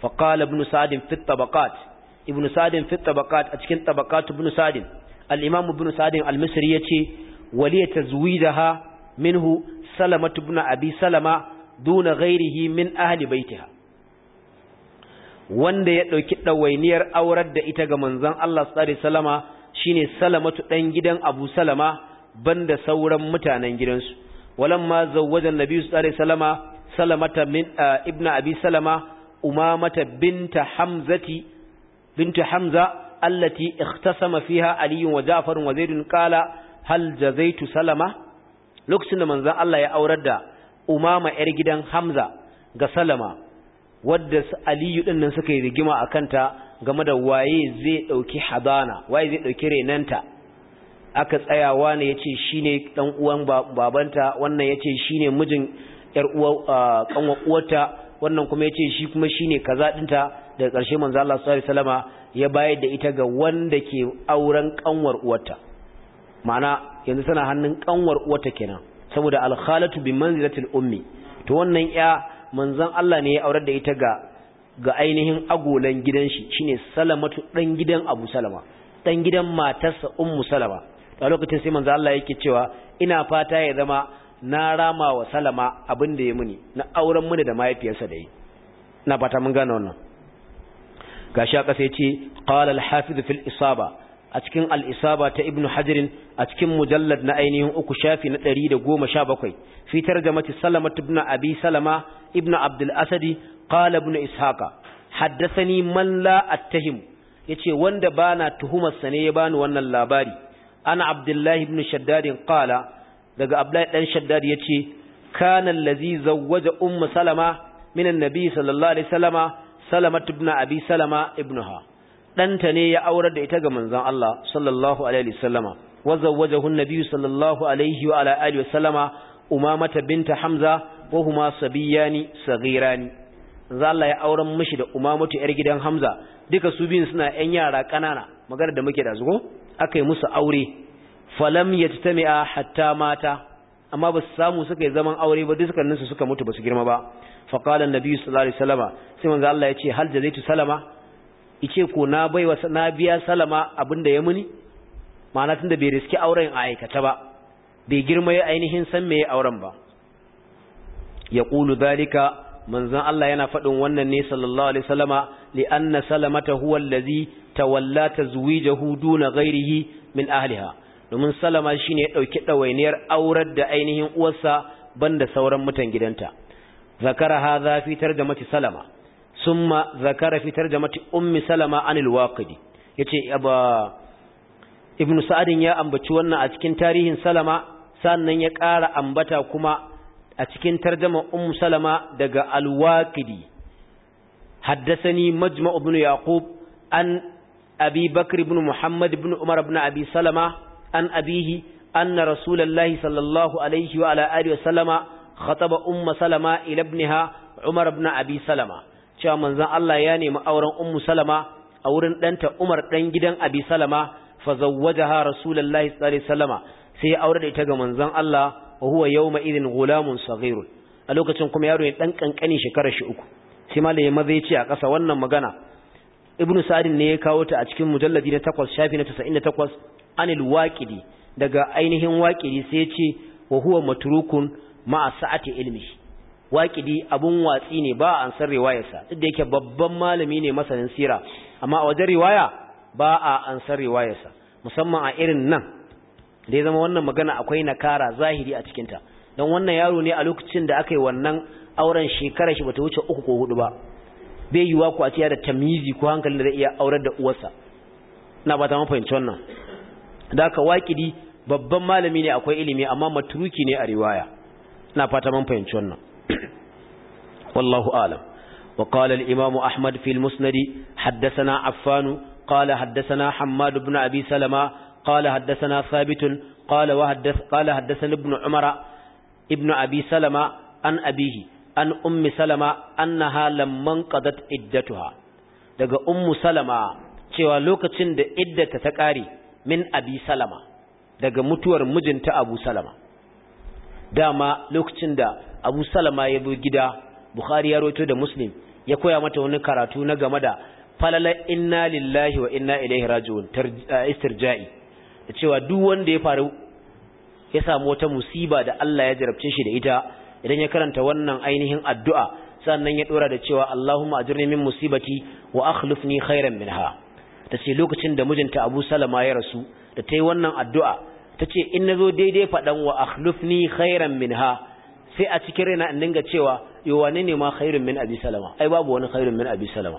fa qala ibn sa'd fi tabaqat ibn sa'd fi tabaqat a cikin tabaqat ibn sa'd al-imam ibn sa'd al-misri yace waliya tazwijaha minhu salamatu ibn abi salama duna ghairihi min ahli baitiha wanda ya ɗauki ɗawainiyar aurar da ita ga manzan Allah tsari salama ne salamatu ɗan gidan abu salama ban da sauran mutanen gidansu Walan ma zawwajan nabi tsari salama salamata min abi salama umamata binta hamzati binta hamza allati ikhtasama fiha Aliyu, wa ja'far wa zaidun qala hal jazaitu salama lokacin da manzan Allah ya aurar da umama yar gidan hamza ga salama wadda su aliyu din nan suka yi rigima a kanta game da waye zai ɗauki hadana waye zai ɗauki renanta aka tsayawa ne ya ce shi ne ɗan'uwan babanta wannan ya ce shi ne mijin ‘yar wannan kuma ya ce shi kuma shi ne kaza ɗinta daga ƙarshe manzo Allah sallallahu alaihi ya bayar da ita ga wanda ke auren ƙanwar uwarta ma'ana yanzu tana hannun ƙanwar uwarta kenan saboda alkhalatu bi manzilatil ummi to wannan ya manzon Allah ne ya aurar da ita ga ga ainihin agolan gidan shi shine Salamatu dan gidan Abu Salama dan gidan matarsa Ummu Salama a lokacin sai manzon Allah yake cewa ina fata ya zama na rama wa Salama abin da ya muni na auren muni da mahaifiyarsa da yi na fata mun gane wannan gashi aka sai ce qala al-hafiz fil isaba a cikin al'isaba ta ibn hajirin a cikin mujallar na ainihin uku shafi na ɗari da goma sha bakwai fitar da mace salama ibn abi salama ibn abdul asadi qala Ishaka. ishaqa haddasani man la attahim yace wanda bana tuhumar sa ne ya bani wannan labari ana abdullahi ibn Shaddadin qala daga abdullahi dan shaddad yace kana allazi zawwaja Umma salama min nabi sallallahu alaihi wasallama salama ibn abi salama Ha. ɗanta ne ya aurar da ita ga manzan Allah sallallahu alaihi wasallama wa zawwajahu sallallahu alaihi wa wasallama umamata binta hamza wa huma sabiyani saghirani manzon Allah ya auren mashi da umamatu yar gidan hamza duka su biyun suna ƴan yara ƙanana magana da muke da su aka yi musu aure falam yajtami'a hatta mata amma ba su samu suka yi zaman aure ba dukkaninsu suka mutu ba su girma ba faqala nabi sallallahu alaihi wasallama sai manzon Allah ya ce hal jazaitu salama ice ko na bai na biya salama abinda ya muni ma'ana tunda bai riski auren a aikata ba bai girma ya ainihin san me auren ba ya qulu zalika manzon Allah yana faɗin wannan ne sallallahu alaihi salama li anna salamata huwa allazi tawalla tazwijahu duna ghairihi min ahliha domin salama shine ya dauki dawainiyar aurar da ainihin uwarsa banda sauran mutan gidanta zakara hadha fitar da mace salama summa zakara fitar jama'ati ummi salama anil waqidi yace aba ibnu sa'adin ya ambaci wannan a cikin tarihin salama sannan ya ƙara ambata kuma a cikin tarjama ummu salama daga al haddasa ni majma' ibn yaqub an abi bakr ibn muhammad ibn umar ibn salama an abihi anna rasulullahi sallallahu alaihi wa ala alihi sallama khataba ummu salama ila umar salama cewa manzon Allah ya nemi auren ummu salama a wurin ɗanta umar ɗan gidan abi salama fa zawwajaha rasulullahi sallallahu alaihi wasallama sai ya aure da ita ga manzon Allah wa huwa yawma idhin ghulamun saghir a lokacin kuma yaro ne dan kankani shekara shi uku sai malai maza ya ce a ƙasa wannan magana ibnu sa'id ne ya kawo ta a cikin mujalladi na 8 shafi na 98 anil waqidi daga ainihin waqidi sai ya ce wa huwa matrukun ma sa'ati ilmihi waƙidi abun watsi ne ba an san riwayarsa duk da yake babban malami ne masanin sira amma a wajen riwaya ba a an san riwayarsa musamman a irin nan da ya zama wannan magana akwai nakara zahiri a cikinta don wannan yaro ne a lokacin da aka yi wannan auren shekara shi bata wuce uku ko hudu ba bai yiwa ku a ciyar da tamizi ko hankalin da zai iya aurar da uwarsa na ba ta fahimci wannan da aka waƙidi babban malami ne akwai ilimi amma maturuki ne a riwaya na fata man fahimci wannan والله أعلم وقال الإمام أحمد في المسند حدثنا عفان قال حدثنا حماد بن أبي سلمة قال حدثنا ثابت قال وحدث قال حدثنا ابن عمر ابن أبي سلمة عن أبيه عن أم سلمة أنها لما انقضت عدتها daga ummu salama cewa lokacin da iddata ta ƙare min abi salama daga mutuwar mijinta abu salama dama lokacin da abu salama ya bi gida bukhari ya roto da muslim ya koya mata wani karatu na game da falala inna lillahi wa inna ilaihi raji'un istirja'i da cewa duk wanda ya faru ya samu wata musiba da Allah ya jarabce shi da ita idan ya karanta wannan ainihin addu'a sannan ya dora da cewa Allahumma ajirni min musibati wa akhlifni khairan minha tace lokacin da mijinta Abu Salama ya rasu da tayi wannan addu'a tace in nazo daidai fadan wa akhlifni khairan minha sai a cikin raina in dinga cewa yo wane ne ma khairun min abi salama ai babu wani khairun min abi salama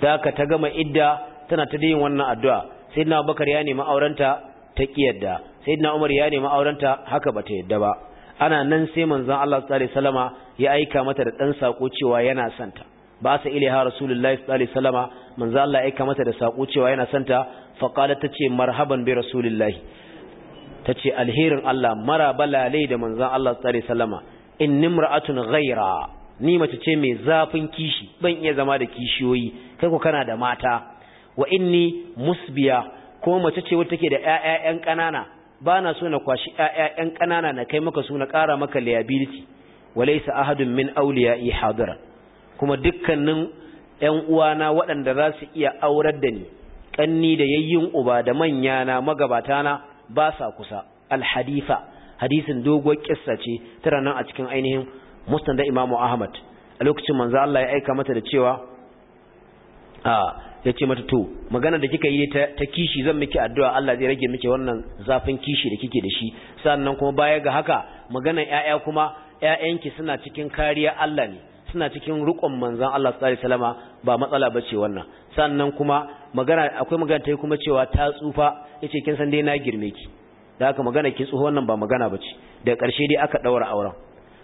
da ka ta gama idda tana ta yin wannan addu'a sayyidina bakar ya nemi aurenta ta kiyarda sayyidina umar ya nemi aurenta haka ba ta yadda ba ana nan sai manzon Allah sallallahu alaihi wasallama ya aika mata da dan sako cewa yana santa ba sa ha rasulullahi sallallahu alaihi wasallama manzon Allah ya aika mata da sako cewa yana santa ta, tace marhaban bi rasulillahi Ta ce alherin Allah mara balalai da manzan Allah Salama in wasallama a ghaira ni mace ce mai zafin kishi ban iya zama da kishiyoyi kai ko kana da mata wa inni musbiya ko mace ce wacce take da ƴaƴan ƙanana ba bana so na kwashi ƴaƴan ƙanana na kai maka suna ƙara maka liability walaysa ahadun min awliya'i hadira kuma dukkanin ƴan uwana waɗanda za su iya aurar da ni ƙanni da yayyin uba da manyana magabatana ba sa kusa alhadifa hadisin dogon kissa ce tana nan a cikin ainihin mustanda imamu ahmad a lokacin manzo Allah ya aika mata da cewa a yace mata to magana da kika yi ta kishi zan miki addu'a Allah zai rage miki wannan zafin kishi da kike da shi sannan kuma baya ga haka magana ƴaƴa kuma ƴaƴanki suna cikin kariya Allah ne suna cikin rukun manzon Allah sallallahu alaihi wasallama ba matsala bace wannan sannan kuma magana akwai magana ta kuma cewa ta tsufa yace kin san dai na girme ki da haka magana ki tsufa wannan ba magana bace da ƙarshe dai aka ɗaura auren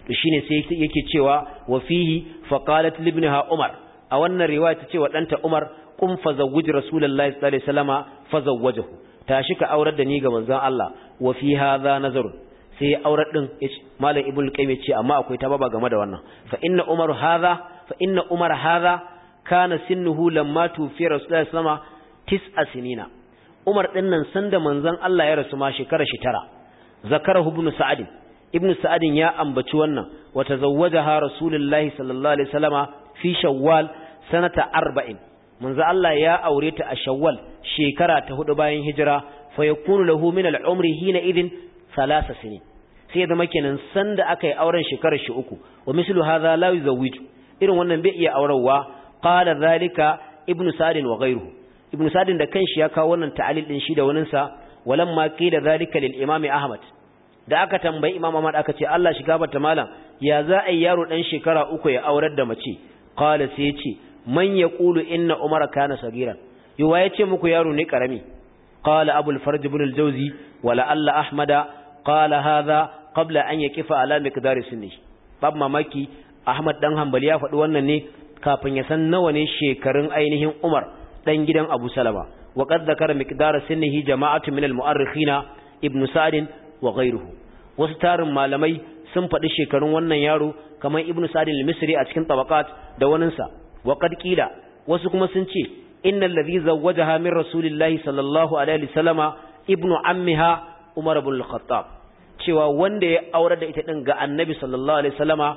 to shine sai yake cewa wa fihi fa umar a wannan riwaya ta cewa danta umar qum fa zawwaj rasulullahi sallallahu alaihi wasallama fa zawwajahu tashi ka aurar da ni ga manzon Allah wa fi hadha nazarun sai aurar din malam ibnu qayyim yace amma akwai tababa baba game da wannan fa inna umar hadha fa inna umar hadha kana sinnuhu lamma tufi rasulullahi sallallahu alaihi wasallam tis'a sinina umar din nan sanda manzon Allah ya rasu ma shekara shi tara zakarahu ibnu sa'ad ibnu sa'ad ya ambaci wannan wa tazawwajaha rasulullahi sallallahu alaihi wasallama fi shawwal sanata 40 manzo Allah ya aure ta a shawwal shekara ta hudu bayan hijira fa yakunu lahu min al-umri hina idin thalatha sinin sai ya zama sanda aka yi auren shekarar shi uku wa mislu hadha la yuzawwiju irin wannan bai iya aurarwa qala zalika ibn sa'd wa ghayruhu ibn sa'd da kanshi ya kawo wannan ta'alil din shi da wannan sa walamma qila zalika lil imami ahmad da aka tambayi imam ahmad aka ce Allah shi gafarta malam ya za a yaro dan shekara uku ya aurar da mace qala sai ya ce man yaqulu inna umara kana sagiran yuwa ce muku yaro ne karami qala abul farj ibn al-jawzi wala alla ahmada qala hadha qabla an yaqifa ala miqdari sunni babu mamaki Ahmad dan Hanbali ya faɗi wannan ne kafin ya san nawa ne shekarun ainihin Umar dan gidan Abu Salama wa qad dhakara miqdara sinnihi jama'atu min al-mu'arrikhina ibnu Sa'd wa ghayruhu wasu tarin malamai sun faɗi shekarun wannan yaro kamar ibnu Sa'd al-Misri a cikin tabaqat da waninsa wa qad qila wasu kuma sun ce innal ladhi zawwajaha min rasulillahi sallallahu alaihi wasallama ibnu ammiha Umar ibn al cewa wanda ya aurar da ita ɗin ga annabi sallallahu alaihi wasallama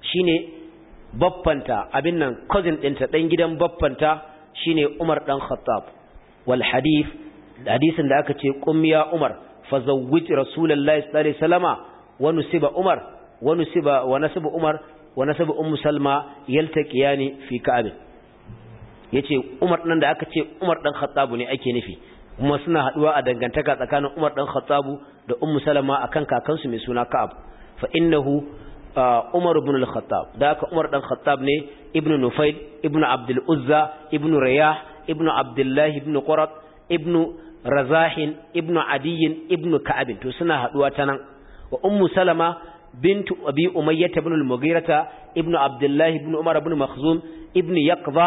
shine baffanta abin nan cousin ɗinta ɗan gidan baffanta shine Umar ɗan Khattab wal hadith hadisin da aka ce qummiya Umar fazawwij rasulullahi sallallahu alaihi wasallama wa nusiba Umar wa nusiba wa nasiba Umar wa nasiba Ummu Salma yaltaqiyani fi Ka'ab yace Umar nan da aka ce Umar ɗan Khattab ne ake nufi kuma suna haduwa a dangantaka tsakanin Umar dan Khattab da Ummu Salama akan kakansu mai suna Ka'ab fa innahu ah, Umar ibn al-Khattab da aka Umar dan Khattab ne ibn Nufayl ibn Abdul Uzza ibn Riyah ibn Abdullah ibn Qurat ibn Razahin ibn Adi ibn Ka'ab to suna haduwa ta nan wa Ummu Salama بنت أبي أمية بن المغيرة ابن عبد الله بن عمر بن مخزوم ابن Ibn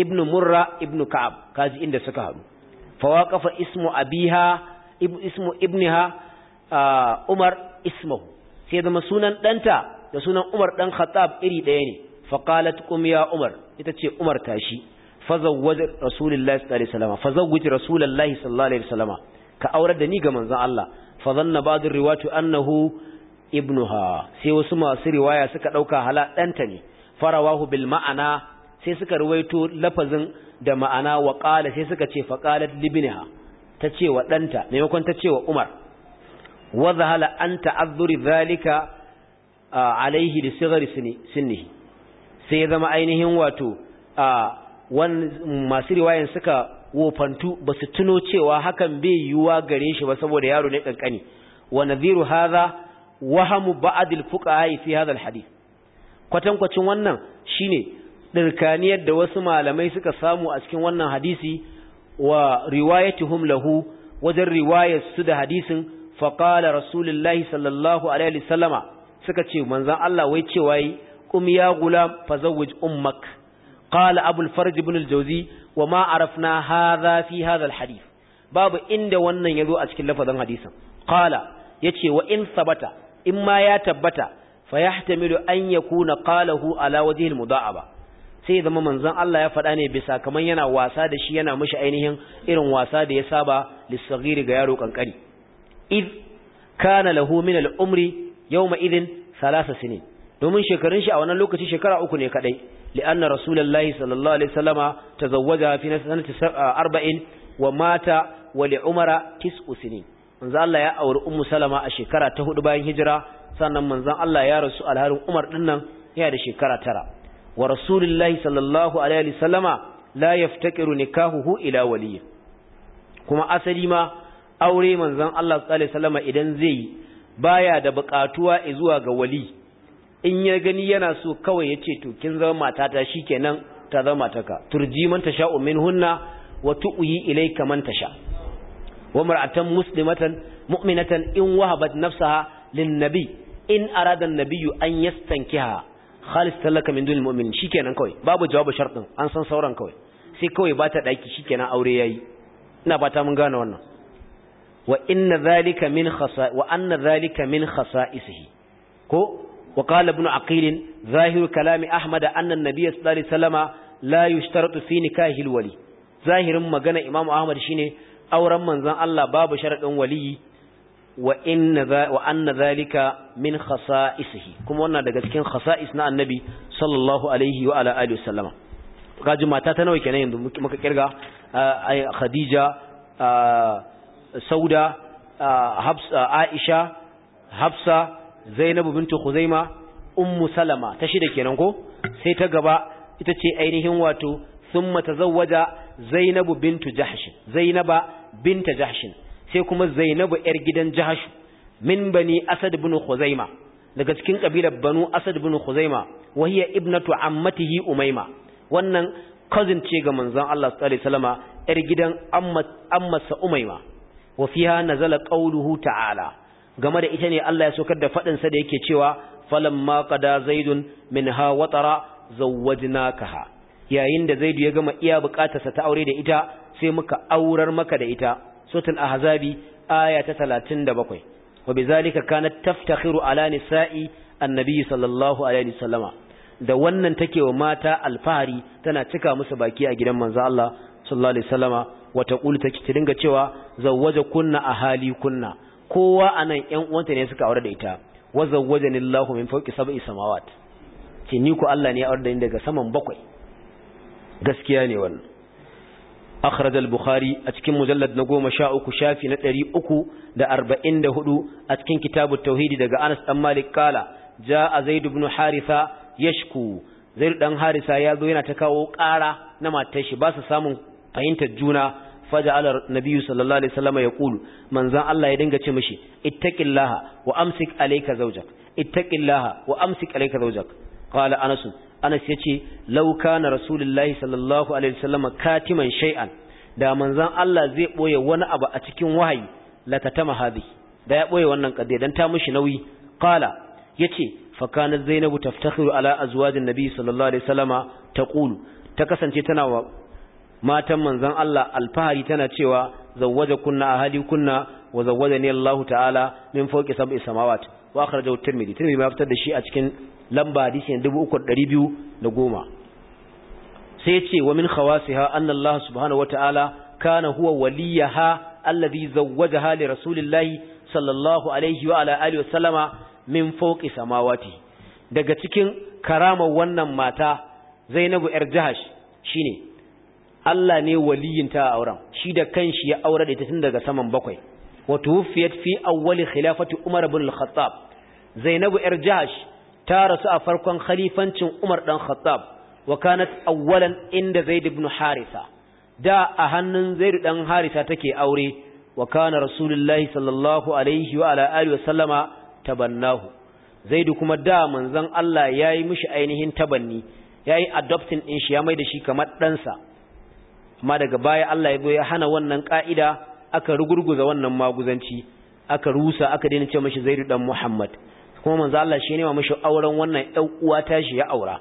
ابن مرة ابن كعب كازي إند فواقف اسم أبيها اسم ابنها عمر اسمه سيدما سنن دنتا da sunan Umar dan Khattab iri daya ne faqalat qum ya Umar ita ce Umar tashi fazawwaj Rasulullahi sallallahu alaihi wasallam fazawwaj Rasulullahi sallallahu alaihi wasallam ka aurar da ni ga manzon Allah Fa fadhanna ba'dur riwatu annahu ibnuha sai wasu masu riwaya suka dauka hala danta ne farawahu bil ma'ana sai suka ruwaito lafazin da ma'ana wa sai suka ce fa qalat ta ce wa maimakon ta ce wa Umar wadda zahala an ta'azzuri zalika alaihi da sigari sinni sai ya zama ainihin wato masu riwayan suka wofantu ba su tuno cewa hakan bai yiwuwa gare shi ba saboda yaro ne ƙanƙani wa naziru haza wahamu ba'd al-fuqaha fi hadha hadith kwatankwacin wannan shine dirkaniyar da wasu malamai suka samu a cikin wannan hadisi wa riwayatuhum lahu wajen riwayar su da hadisin faqala rasulullahi sallallahu alaihi wasallama suka ce manzon Allah wai cewa yi qum ya gulam fazawwij ummak qala abul farj ibn al-jawzi wa ma arafna hadha fi hadha al-hadith babu inda wannan yazo a cikin lafazin hadisin qala yace wa in sabata in ma ya tabbata fa yahtamilu an yakuna qalahu ala wajhi al-muda'aba sai zama manzon Allah ya faɗa ne bisa kaman yana wasa da shi yana mishi ainihin irin wasa da ya saba lissaghiri ga yaro kankani id kana lahu min al-umri yawma idin thalatha sinin domin shekarun shi a wannan lokaci shekara uku ne kadai li'anna rasulullahi sallallahu alaihi wasallama tazawwaja fi sanati 40 wa mata wa umara tis'u sinin manzo Allah ya auri ummu salama a shekara ta hudu bayan hijira sannan manzon Allah ya rasu alharin umar dinnan yana da shekara tara wa rasulullahi sallallahu alaihi wasallama la yaftaqiru nikahuhu ila waliyyi kuma asali ma aure manzon Allah sallallahu alaihi wasallama idan zai baya da buƙatuwa zuwa ga wali in ya gani yana so kawai yace to kin zama matata shikenan ta zama taka. turji man tasha'u minhunna wa tu'yi ilayka man tasha wa mar'atan muslimatan mu'minatan in wahabat nafsaha lin nabi in arada nabiyyu an yastankiha khalis talaka min dunil mu'minin shikenan kawai babu jawabu shartin an san sauran kawai sai kawai ba ta daki shikenan aure yayi ina fata mun gane wannan wa inna zalika min khasa wa anna zalika min khasa'isihi ko wa qala ibn aqil zahiru kalami ahmad anna an-nabiy sallallahu alaihi wasallama la yushtaratu fi nikahi al-wali zahirin magana Imam ahmad shine auren manzon Allah babu sharadin waliyi wa anna zalika min khasa'isihi kuma wannan daga cikin khasa'is na annabi sallallahu alaihi wa ala alihi wasallama kaji mata ta nawa kenan yanzu muka kirga khadija sauda hafsa aisha hafsa zainabu bintu khuzaima ummu salama ta shida kenan ko sai ta gaba ita ce ainihin wato thumma tazawwaja zainabu bintu jahsh zainaba binta jahsh sai kuma zainabu yar gidan jahashu min bani asad bin khuzaima daga cikin ƙabilar banu asad bin khuzaima wahiya ibnatu ammatihi umaima wannan cousin ce ga manzon Allah sallallahu alaihi wasallama yar gidan ammasa umaima wa fiha nazala qawluhu ta'ala game da ita ne Allah ya sokar da fadin sa da yake cewa falamma qada zaidun minha watara zawwajnakaha yayin da zaidu ya gama iya bukatarsa ta aure da ita sai muka aurar maka da ita suratul ahzabi aya ta 37 وبذلك كانت تفتخر على نساء النبي صلى الله alaihi وسلم da wannan take wa mata alfahari tana cika musu baki a gidan manzo Allah sallallahu alaihi wasallama wa taqulu take ta dinga cewa zawwaja kunna ahali kunna kowa anan ƴan uwanta ne suka aure da ita wa zawwajani Allahu min fawqi sab'i samawat ce ni ku Allah ne ya aure da ni daga saman bakwai gaskiya ne wannan akhraj al-bukhari a cikin mujallar na goma sha uku shafi na ɗari uku da da arba'in 344 a cikin kitabut Tauhidi daga Anas ɗan Malik kala jaa zaid ibn haritha yashku zaid dan harisa ya zo yana ta kawo ƙara na matar shi ba su samun fahimtar juna faja'ala nabiyyu sallallahu alaihi wasallam yaqulu manzon Allah ya dinga ce mashi. ittaqillaha wa amsik alayka zawjak ittaqillaha wa amsik alayka zawjak anas Anas ce lauka na rasulullahi sallallahu alaihi wasallam katiman shay'an da manzon Allah zai boye wani abu a cikin wahayi lakatama hadi da ya boye wannan kadai dan ta mishi nauyi qala yace fa kana zainabu taftakhiru ala azwajin nabi sallallahu alaihi wasallama taqulu ta kasance tana wa matan manzon Allah alfahari tana cewa zawwajakunna ahali kunna wa zawwajani Allahu ta'ala min fawqi sab'i samawat wa akhrajahu at-Tirmidhi Tirmidhi ma fitar da shi a cikin lamba hadisi dubu uku ɗari biyu da goma sai ce wa min khawasiha anna Allah subhanahu wata'ala kana huwa ha alladhi zawwajaha li rasulillahi sallallahu alaihi wa ala alihi wasallama min fawqi samawati daga cikin karamar wannan mata Zainabu yar Jahash shine Allah ne waliyinta a auren shi da kanshi ya aure da ita tun daga saman bakwai wa tuwfiyat fi awwali khilafati Umar ibn al-Khattab Zainabu yar Jahash ta rasu a farkon khalifancin Umar ɗan Khattab wa kanat awwalan inda Zaid ibn Harisa da a hannun Zaid dan Harisa take aure wa kana Rasulullahi sallallahu alaihi wa ala alihi wa sallama tabannahu Zaid kuma da manzon Allah yayi mishi ainihin tabanni yayi adopting din shi ya mai da shi kamar ɗansa amma daga baya Allah ya zo ya hana wannan ka'ida aka rugurguza wannan maguzanci aka rusa aka daina ce mashi Zaid dan Muhammad kuma manzo Allah shi ne ma mishi auren wannan ɗan uwa ta shi ya aura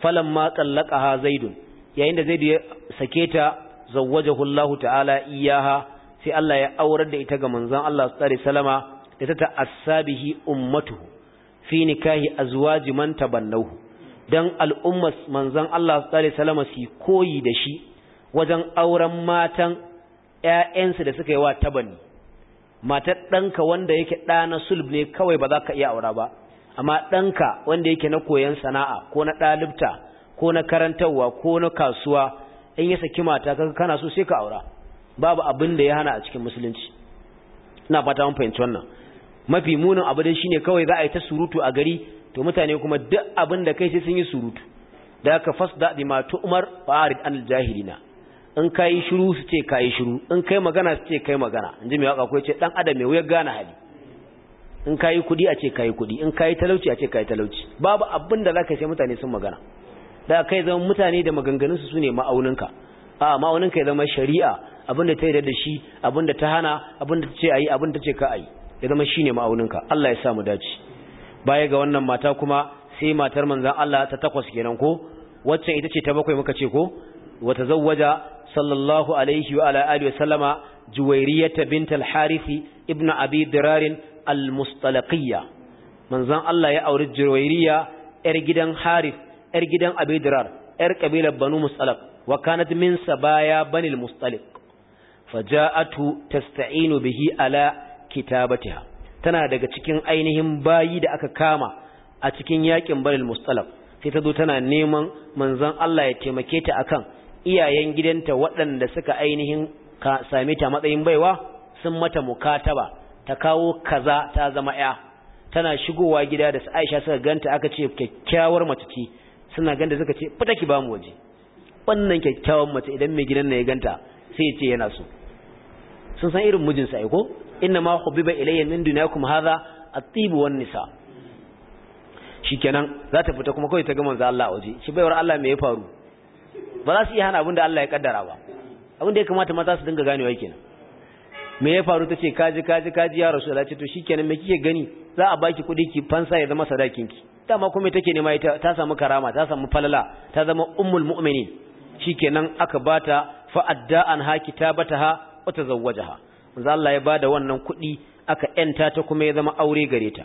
falan ma ha zaidun yayin da zaidu ya sake ta zawwajahu Allah ta'ala iyaha sai Allah ya aurar da ita ga manzon Allah sallallahu alaihi wasallama da ta Asabihi Ummatu. fi nikahi azwaji man tabannahu dan al'ummas manzon Allah sallallahu alaihi wasallama su koyi da shi wajen auren matan ƴaƴansu da suka yi wa tabanni matar ɗanka wanda yake ɗa na sulb ne kawai ba za ka iya aura ba amma ɗanka wanda yake na koyon sana'a ko na ɗalibta ko na karantarwa ko na kasuwa in ya saki mata kaga kana so sai ka aura babu abin da ya hana a cikin musulunci ina fata mun fahimci wannan mafi munin abu dai shine kawai za a yi ta surutu a gari to mutane kuma duk abin da kai sai sun yi surutu da ka fasda bima tu'mar fa'arid anil jahilina in ka yi shiru su ce ka yi shiru in kai magana su ce kai magana in ji mai waka ko ce dan adam mai wuyar gane hali in ka yi kuɗi a ce ka yi kuɗi in ka yi talauci a ce ka yi talauci babu abin da za ka sai mutane sun magana da kai zama mutane da maganganunsu su ne ma'auninka a ma'auninka ya zama shari'a abin da ta yarda da shi abin da ta hana abin da ta ce a abin da ta ce ka a ya zama shi ne ka Allah ya sa mu dace baya ga wannan mata kuma sai matar manzan Allah ta takwas kenan ko wacce ita ce ta bakwai muka ce ko wata zawwaja sallallahu alaihi wa ala alihi wasallama juwairiyata bint al-harith ibn abi dirar al-mustalaqiyya manzon Allah ya auri juwairiya yar gidan harith yar gidan abi dirar yar kabilar banu mustalaq wa kanat min sabaya bani al-mustalaq faja'atu tasta'inu bihi ala kitabatiha tana daga cikin ainihin bayi da aka kama a cikin yakin bani al-mustalaq sai ta zo tana neman manzon Allah ya taimake ta akan iyayen gidanta waɗanda suka ainihin ka ta matsayin baiwa sun mata mukataba ta kawo kaza ta zama ya tana shigowa gida da Aisha suka ganta aka ce kyakkyawar mace ce suna ganta suka ce fita ki bamu waje wannan kyakkyawar mace idan mai gidan na ya ganta sai ya ce yana so sun san irin mijinsa sa ko inna ma hubiba ilayya min dunyakum hadha at-tib wan nisa shikenan za ta fita kuma kawai ta ga manzo Allah waje shi baiwar Allah me ya faru ba za su iya hana abin da Allah ya kaddara ba abin da ya kamata maza su dinga ganewa kenan me ya faru tace kaji kaji kaji ya rasu Allah ce to shikenan me kike gani za a baki kuɗi ki fansa ya zama sadakin ki dama kuma take nema ita ta samu karama ta samu falala ta zama ummul mu'minin shikenan aka bata fa adda an ha kitabataha wa tazawwajaha manzo Allah ya bada wannan kuɗi aka yanta ta kuma ya zama aure gare ta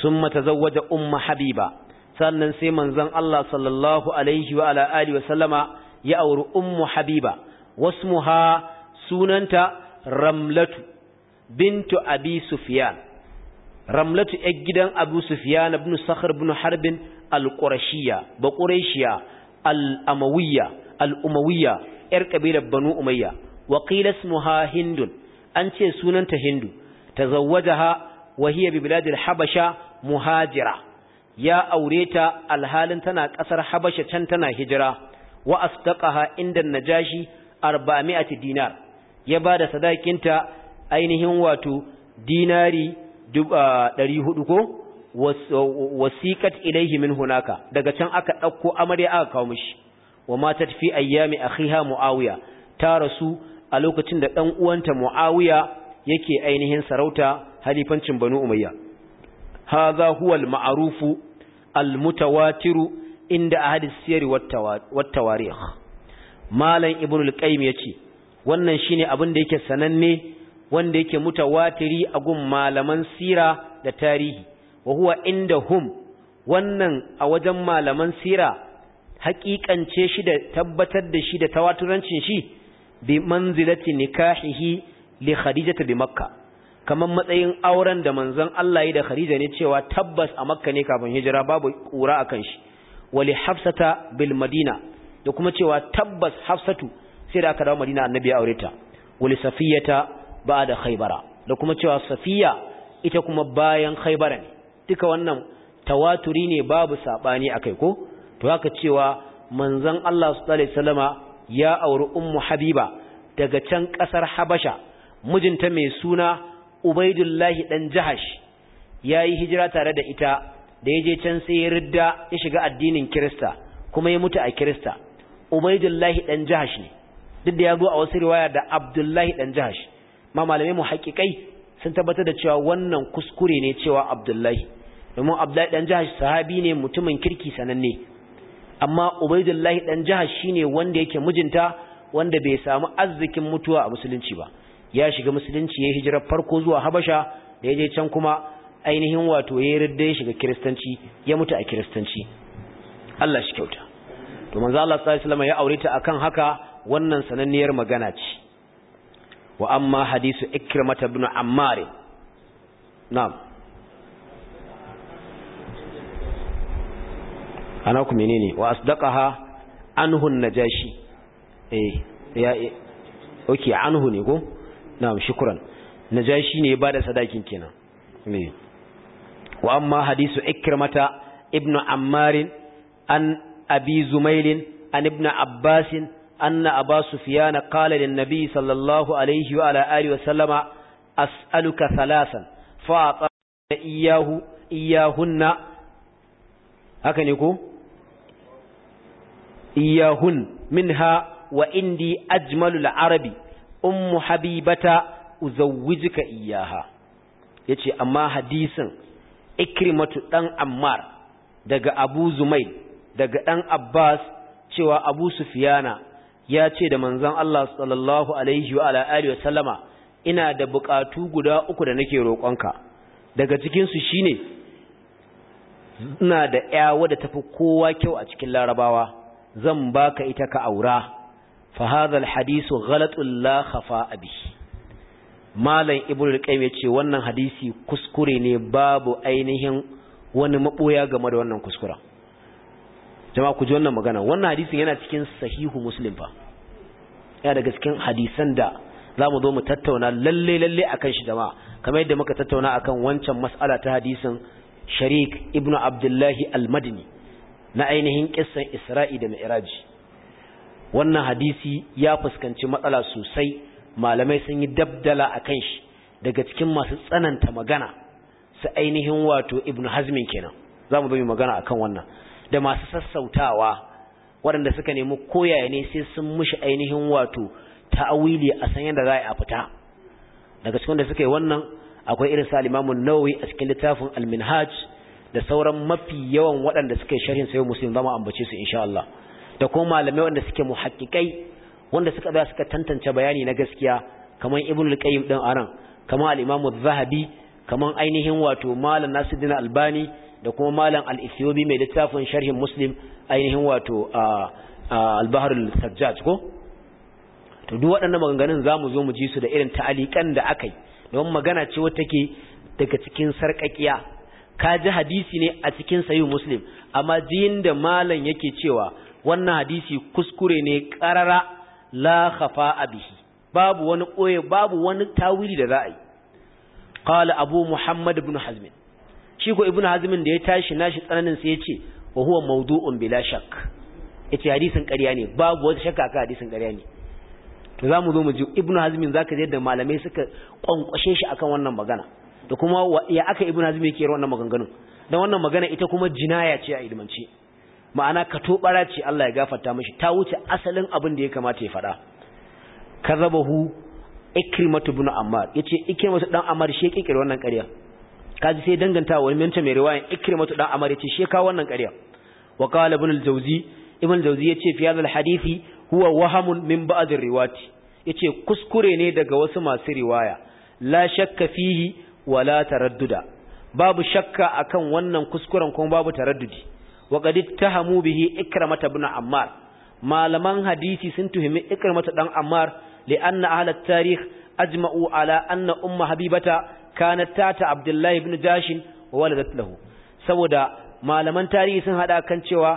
summa tazawwaja umma habiba sannan sai manzon Allah sallallahu alaihi wa ala alihi wa sallama ya auri ummu habiba wasu sunanta ramlatu bintu abi Sufiyan. ramlatu yar gidan abu Sufiyan, ibn sakhr bin harbin al-qurashiyya ba al-amawiyya al-umawiyya yar kabilar banu umayya wa muha hindun an ce sunanta hindu ta wa hiya bi biladil habasha muhajira ya aure ta alhalin tana ƙasar habasha can tana hijira wa aftaqaha inda najashi 400 dinar ya bada sadakinta ainihin wato dinari 400 ah, ko wasiqat ilayhi min hunaka daga can aka dauko amarya aka kawo mishi wa matat fi ayami akhiha muawiya ta rasu a lokacin da dan uwanta muawiya yake ainihin sarauta halifancin banu umayya hadha huwa al-ma'rufu al-mutawatiru inda hadis siyari wat tawarikh malam ibnu al-qayyim yace wannan shine abin da yake sananne wanda yake watiri a gun malaman sira da tarihi wa huwa hum wannan a wajen malaman sira haƙiƙance shi da tabbatar da shi da tawaturancin shi bi manzilati nikahihi li khadijata bi makka kamar matsayin auren da manzon Allah ya da khadija ne cewa tabbas a makka ne kafin hijira babu kura akan shi wali hafsata bil madina da kuma cewa tabbas hafsatu sai da aka dawo madina annabi ya aure ta wali safiyata ba'da khaybara da kuma cewa safiya ita kuma bayan khaybara ne duka wannan tawaturi ne babu sabani akai ko to haka cewa manzon Allah sallallahu alaihi wasallama ya auri ummu habiba daga can kasar habasha mijinta mai suna ubaidullahi dan jahash yayi hijira tare da ita da ya je can sai ya ridda ya shiga addinin kirista kuma ya mutu a kirista ubaidullahi dan jahash ne duk da ya zo a wasu riwaya da abdullahi dan jahash ma malamai mu haƙiƙai sun tabbatar da cewa wannan kuskure ne cewa abdullahi domin abdullahi dan jahash sahabi ne mutumin kirki sananne amma ubaidullahi dan jahash shine wanda yake mijinta wanda bai samu arzikin mutuwa a musulunci ba ya shiga musulunci ya hijira farko zuwa habasha da ya je can kuma ainihin wato ya yarda ya shiga kiristanci ya mutu a kiristanci Allah shi kyauta to manzo Allah sallallahu alaihi wasallam ya aureta akan haka wannan sananniyar magana ce wa amma hadisu ikrimata ibn ammar na'am ana ku menene wa asdaqaha anhu najashi eh ya okay anhu ne ko na'am shukran najashi ne ba da sadakin kenan ne wa amma hadisu ikrimata ibnu ammarin an abi zumailin an ibnu abbasin anna aba sufyana qala lin nabi sallallahu alaihi wa ala alihi wa sallama as'aluka thalasan fa ata iyahu iyahunna haka ne ko iyahun minha wa indi ajmalul arabi ummu habibata uzawwijuka iyaha yace amma hadisin ikrimatu dan ammar daga abu zumai daga dan abbas cewa abu sufiyana ya ce da manzon Allah sallallahu alaihi wa alihi wa sallama ina da bukatu guda uku da nake roƙonka daga cikin su shine ina da ƴa da tafi kowa kyau a cikin larabawa zan baka ita ka aura fa hadha alhadithu ghalatun la khafa abi malam ibnu qayyim ce wannan hadisi kuskure ne babu ainihin wani maboya game da wannan kuskura jama'a ku ji wannan magana wannan hadisin yana cikin sahihu muslim fa yana daga cikin hadisan da za mu zo mu tattauna lalle lalle akan shi jama'a kamar yadda muka tattauna akan wancan mas'ala ta hadisin sharik ibnu abdullahi al-madini na ainihin kissan isra'i da mi'raji wannan hadisi ya fuskanci matsala sosai malamai sun yi dabdala akan shi daga cikin masu tsananta magana su ainihin wato ibnu hazmin kenan za mu bi magana akan wannan da masu sassautawa waɗanda suka nemi koyaya ne sai sun mushi ainihin wato ta'awili a san yadda za a fita daga cikin da suka yi wannan akwai irin sa limamun nawawi a cikin littafin alminhaj da sauran mafi yawan waɗanda suka yi sharhin sayo muslim zama ambace su insha Allah da kuma malamai waɗanda suke muhaqqiqai wanda suka da suka tantance bayani na gaskiya kamar ibn al-qayyim din aran kamar al-imam az-zahabi kamar ainihin wato malam nasiruddin albani da kuma malam al ithiyobi mai littafin sharhin muslim ainihin wato al-bahr al-sajjaj ko to duk waɗannan maganganun zamu zo mu ji su da irin ta'aliqan da akai don magana ce wata take daga cikin sarkakiya ka ji hadisi ne a cikin sayu muslim amma jin da malam yake cewa wannan hadisi kuskure ne karara la khafa abihi babu wani koye babu wani tawili da za a yi qala abu muhammad ibn hazm shi ko ibn hazm da ya tashi nashi tsananin sai ya ce wa huwa mawdu'un bila shak yace hadisin ƙarya ne babu wata shakka ka hadisin ƙarya ne to zamu zo mu ji ibn hazm zaka je yadda malamai suka kwankwashe shi akan wannan magana da kuma ya aka ibn hazm yake wannan maganganun dan wannan magana ita kuma jinaya ce a ilmance ma'ana ka tobara ce Allah ya gafarta mishi ta wuce asalin abin da ya kamata ya faɗa kazabahu ikrimatu ibn ammar yace ikrimatu dan ammar shi kikir wannan ƙarya kaji sai danganta wani mince mai riwaya ikrimatu dan ammar yace she ka wannan ƙarya wa qala ibn al-jawzi ibn al-jawzi yace fi hadha al-hadisi huwa wahamun min ba'd riwati yace kuskure ne daga wasu masu riwaya la shakka fihi wala taradduda babu shakka akan wannan kuskuren kuma babu taraddudi wa qad ittahamu bihi ikramata ibn ammar malaman hadisi sun tuhimi ikramata dan ammar li anna ahla tarikh ajma'u ala anna umma habibata kanat tata abdullahi ibn jashin wa waladat lahu saboda malaman tarihi sun hada kan cewa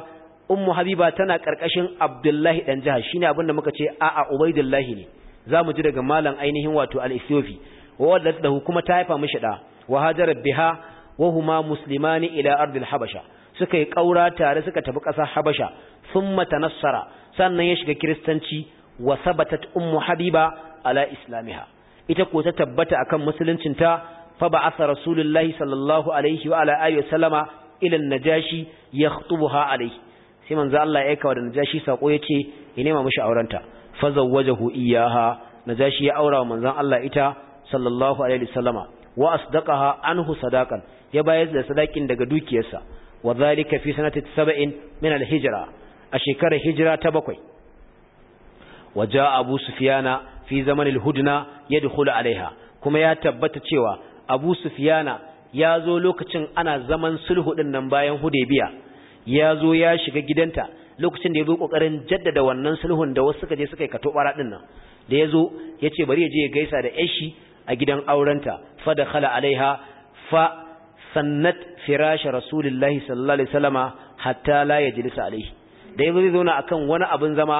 ummu habiba tana karkashin abdullahi dan jahash shine abinda muka ce a'a ubaidullahi ne zamu ji daga malam ainihin wato al-isyofi wa waladat lahu kuma ta haifa mishi da wa hajara biha wa huma muslimani ila ardil habasha suka yi ƙaura tare suka tafi ƙasar habasha mata tanassara sannan ya shiga kiristanci wa sabatat ummu habiba ala islamiha ita ko ta tabbata akan musuluncinta fa ba'atha rasulullahi sallallahu alaihi wa ala alihi wasallama ila najashi yakhtubuha alaihi sai manzo Allah ya aika wa da najashi sako yace ya nema mishi aurenta fa zawwajahu iyaha najashi ya aura wa manzon Allah ita sallallahu alaihi wasallama wa asdaqaha anhu sadaqan ya bayar da sadakin daga dukiyarsa wa dhalika fi sanati 70 min hijira a shekarar hijira ta bakwai waja abu sufyana fi zaman al-hudna yadkhulu alaiha kuma ya tabbata cewa abu sufyana ya zo lokacin ana zaman sulhu din nan bayan hudaybiya ya zo ya shiga gidanta lokacin da ya zo kokarin jaddada wannan sulhun da wasu suka je suka yi katobara din nan da ya zo ya ce bari ya je ya gaisa da yashi a gidan aurenta fa dakhala alaiha fa sannat firashi rasulullahi sallallahu alaihi wasallama hatta la yajlisa alaihi da yanzu zai zauna akan wani abin zama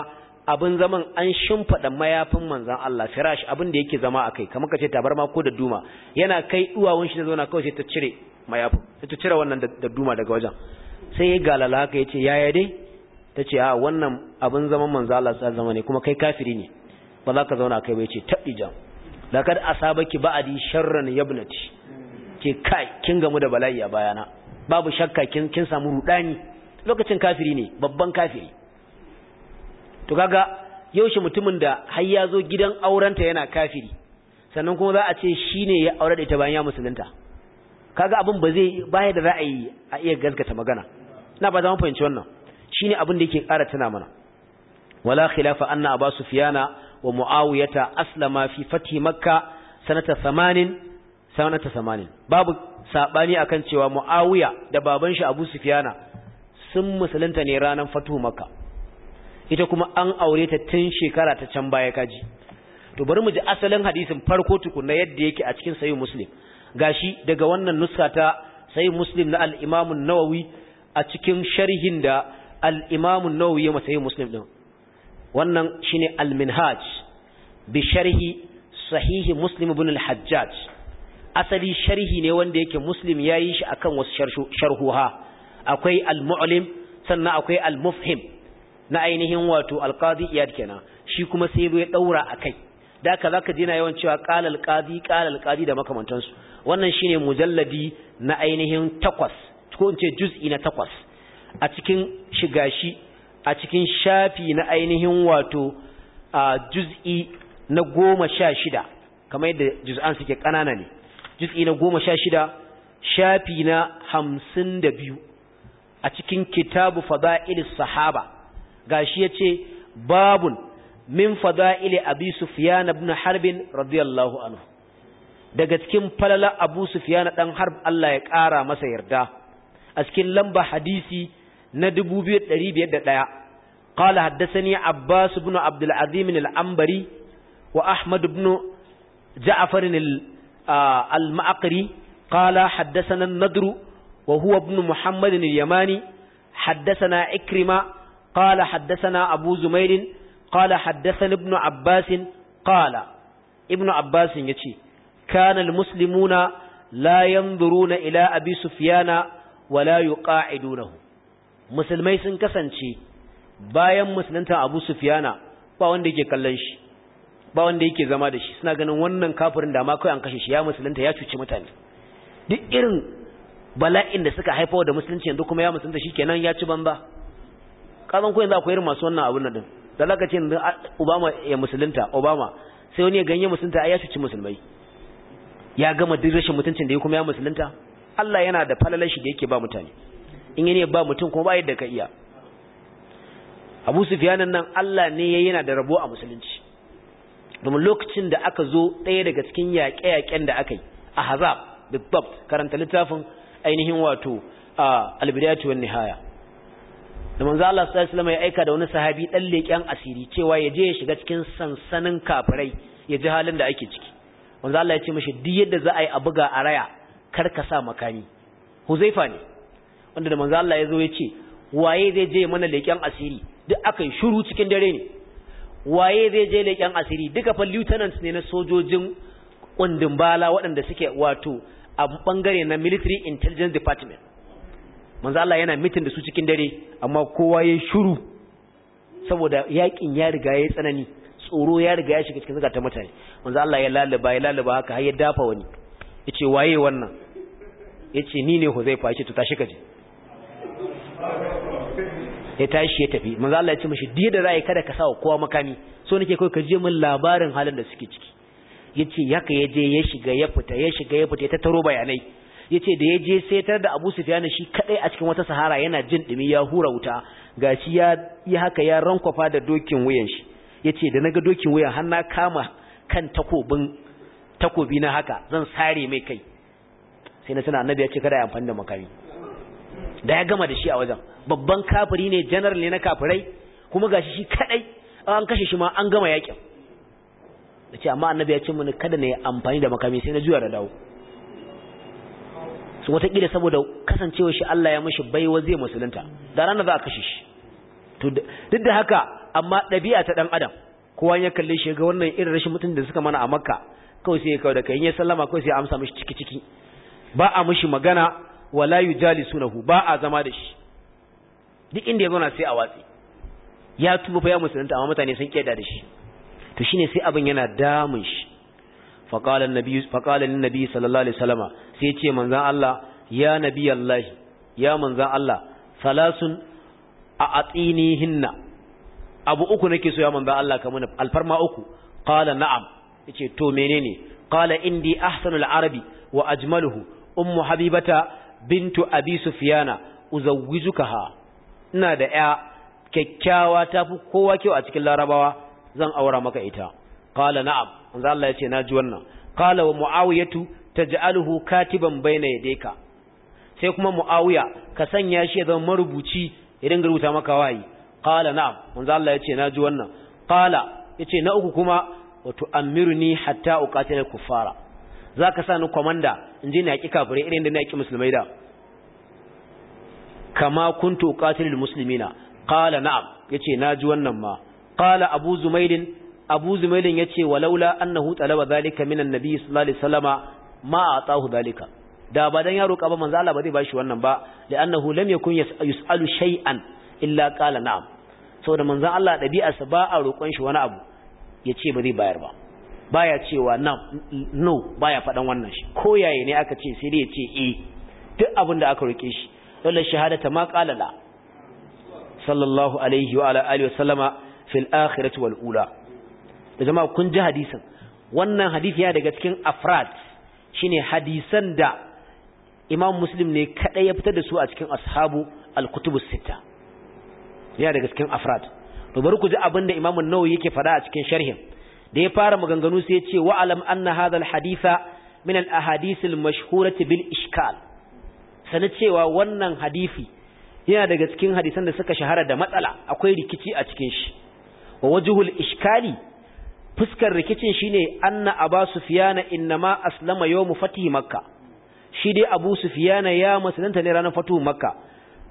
abin zaman an shimfada mayafin manzon Allah firash abin da yake zama akai kamar kace tabarma ko da duma yana kai duwawun shi da zauna kawai sai ta cire mayafin sai ta cire wannan da duma daga wajen sai ya galala haka yace yaya dai tace a wannan abin zaman manzon Allah sai zama ne kuma kai kafiri ne ba za ka zauna kai ba yace jam lakad asabaki ba'adi sharran yabnati ce kai kin gamu da bala'i a bayana babu shakka kin kin samu rudani lokacin kafiri ne babban kafiri to kaga yaushe mutumin da har ya zo gidan aurenta yana kafiri sannan kuma za a ce shine ya aure da ita bayan ya musulunta kaga abin ba zai baya da ra'ayi a iya gaskata magana ina ba za fahimci wannan shine abin da yake ƙara tana mana wala khilafa anna abu fiyana wa muawiyata aslama fi fathi makkah sanata 80 sanata samanin babu sabani akan cewa muawiya da baban shi abu sufyana sun musulunta ne ranar fatuhu makka ita kuma an aure ta tun shekara ta can baya kaji to bari mu ji asalin hadisin farko tukunna yadda yake a cikin sahih muslim gashi daga wannan nuska ta sahih muslim na al-imam nawawi a cikin sharhin da al-imam an-nawawi ya masa muslim din wannan shine al-minhaj bi sharhi sahih muslim ibn al-hajjaj asali sharhi ne wanda yake muslim ya yi shi akan wasu sharhuha akwai al-mu'lim sannan akwai al-mufhim na ainihin wato al-qadi iyad kenan shi kuma sai ya daura akai da haka zaka ji na yawan cewa qala al-qadi qala al-qadi da makamantansu wannan shine mujalladi na ainihin takwas ko in ce juz'i na takwas a cikin shiga shi a cikin shafi na ainihin wato juz'i na goma sha shida kamar yadda juz'an suke kanana ne juz'i na goma sha shida shafi na hamsin da biyu a cikin kitabu fada'il sahaba gashi ya ce babun min fada'il abi sufiyan ibn harbin radiyallahu anhu daga cikin falala abu sufiyan dan harb Allah ya kara masa yarda a cikin lamba hadisi na 2501 قال حدثني عباس بن عبد العظيم العنبري وأحمد بن جعفر al-ma'qari qala haddathana an-nadru wa huwa ibn muhammad al-yamani haddathana ikrima qala haddathana abu zumair qala haddathana ibn abbas qala ibn abbas yace kana al-muslimuna la yanzuruna ila abi sufyana wala yuqa'idunahu musulmai sun kasance bayan musulunta abu sufyana ba wanda yake kallon shi ba wanda yake zama da shi suna ganin wannan kafirin da ma kai an kashe shi ya musulunta ya cuci mutane duk irin bala'in da suka haifa da musulunci yanzu kuma ya musulunta shikenan ya ci banza kazan ko yanzu akwai irin masu wannan abun nan da zaka ce yanzu ah, Obama ya musulunta Obama sai wani ya ganye musulunta ai ya cuci musulmai ya gama duk rashin mutuncin da ya kuma ya musulunta Allah yana da falalar shi da yake ba mutane in yana ba mutum kuma ba yadda ka iya Abu Sufyan nan Allah ne yayi yana da rabo a musulunci domin lokacin da aka zo ɗaya daga cikin yaƙe-yaƙen da aka yi a hazab bibbab karanta littafin ainihin wato a albiriyatu wani nihaya domin za Allah sallallahu alaihi ya aika da wani sahabi ɗan leƙen asiri cewa ya je ya shiga cikin sansanin kafirai ya ji halin da ake ciki manzo Allah ya ce mashi duk yadda za a yi a buga a raya kar ka sa makami Huzaifa ne wanda da manzo Allah ya zo ya ce waye zai je mana leƙen asiri duk aka yi shiru cikin dare ne waye zai je leƙen asiri duka fa lieutenants ne na sojojin kundin bala waɗanda suke wato a bangare na military intelligence department manzo Allah yana mitin da su cikin dare amma kowa ya shiru saboda yakin ya riga ya tsanani tsoro ya riga ya shiga cikin zakata mutane manzo Allah ya lalaba ya lalaba haka har ya dafa wani yace waye wannan yace ni ne Huzaifa yace to tashi ka je ya tashi ya tafi manzo Allah ya ce mishi diya da rai kada ka sawa kowa makami so nake kai ka je min labarin halin da suke ciki yace haka ya je ya shiga ya fita ya shiga ya fita ya tattaro bayanai yace da ya je sai tar da Abu Sufyan shi kadai a cikin wata sahara yana jin dumi ya hura wuta gashi ya yi haka ya rankwafa da dokin wuyan shi yace da naga dokin wuyan har na kama kan takobin takobi na haka zan sare mai kai sai na sanar annabi ya ce kada ya amfani da makami da ya gama da shi a wajen babban kafiri ne general ne na kafirai kuma gashi shi kadai an kashe shi ma an gama yakin nace amma annabi ya ce mini kada na yi amfani da makami sai na juya da dawo su wataƙila saboda kasancewa shi Allah ya mashi baiwa zai musulunta da ranar za a kashe shi to duk da haka amma ɗabi'a ta ɗan adam kowa ya kalle shi ga wannan irin rashin mutum da suka mana a makka kawai sai ya kawai da kai ya sallama kawai sai ya amsa mishi ciki ciki ba a mishi magana wala yujali sunahu ba a zama da shi duk inda ya zauna sai a watsi ya tuba fa ya musulunta amma mutane sun kiyada da shi to shine sai abin yana damun shi faqala annabi faqala annabi sallallahu alaihi wasallama sai ce manzon Allah ya nabi Allah ya manzon Allah salasun a atinihinna abu uku nake so ya manzon Allah ka alfarma uku qala na'am yace to menene qala indi ahsanul arabi wa ajmaluhu ummu habibata bintu abi sufyana uzawwijukaha ina da ya kyakkyawa ta fi kowa kyau a cikin larabawa zan aura maka ita kala na'am manzo Allah ya ce na ji wannan kala wa muawiyatu taj'aluhu katiban bayna yadayka sai kuma muawiya ka sanya shi ya zama marubuci ya dinga rubuta maka wayi kala na'am manzo Allah ya ce na ji wannan kala yace na uku kuma wa tu'ammiruni hatta uqatila kuffara zaka sani komanda in je ni yaki kafirai irin da ni yaki musulmai da kama kuntu qatilul muslimina qala na'am na ji wannan ma ƙala abu zumailin abu zumailin yace walaula annahu talaba zalika minan nabi sallallahu alaihi wasallama ma zalika da ba don yaro roka ba manzo Allah ba zai bashi wannan ba da annahu lam yakun yusalu shay'an illa ƙala na'am saboda manzo Allah ɗabi'arsa ba a roƙon shi wani abu yace ba zai bayar ba baya cewa no baya faɗan wannan shi ko ne aka ce sai dai ya ce eh duk abin da aka rike shi ولا الشهادة ما قال لا صلى الله عليه وعلى آله وسلم في الآخرة والأولى جماعة كن جه wannan hadisi ya daga cikin afrad shine hadisan da imam muslim ne kadai ya fitar da su a cikin ashabu al-kutubus sita ya daga cikin afrad to bari ku ji abinda imam an-nawawi yake faɗa a cikin sharhin da ya fara maganganu sai ya ce wa alam anna hadha al-haditha min al-ahadith al-mashhurati bil ishkal sani cewa wannan hadisi yana daga cikin hadisan da suka shahara da matsala akwai rikici a cikin shi wa wajhul ishkali fuskar rikicin shine anna aba sufyana innama aslama yawm fatih makka shi dai abu sufyana ya musulunta ne ranar fatuhu makka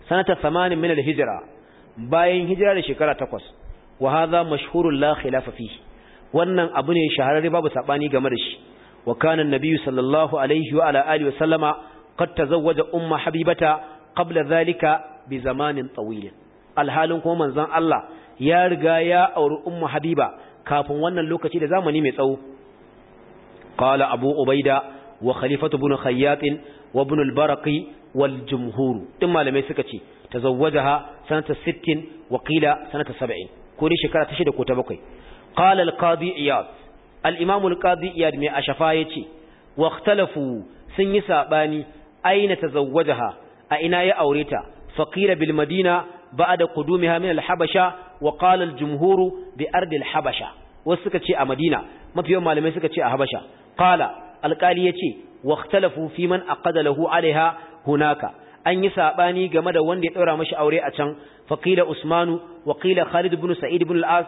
sanata 80 min al-hijra bayan hijira da shekara takwas, wa hadha mashhurul la khilafa fihi wannan abu ne shahararre babu sabani game da shi wa kana an-nabiyyu sallallahu alaihi wa ala alihi wa sallama ta tazawwaja umma habibata kabla zalika bi zamanin tawil alhalin kuma manzon Allah ya riga ya auri umma habiba kafin wannan lokaci da zamani mai tsawo qala abu ubaida wa khalifatu ibn khayyat wa ibn al-barqi wal jumhur malamai suka ce tazawwajaha sanata 60 wa sanata 70 ko shekara ta 6 ko ta 7 al-qadi iyad al-imam al-qadi iyad mai ashafa yace واختلفوا sun yi saɓani aina ta zawajaha a ina ya aure ta faƙira bil madina da ƙudumi ha min wa ƙalal jumhuru bi Ardil Habasha. wasu suka ce a madina mafi yawan malamai suka ce a habasha ƙala alƙali ya ce wa ƙtalafu fi man a ƙadalahu alaiha hunaka an yi saɓani game da wanda ya ɗora mashi aure a can faƙila usmanu wa khalid bin sa'id bin al'as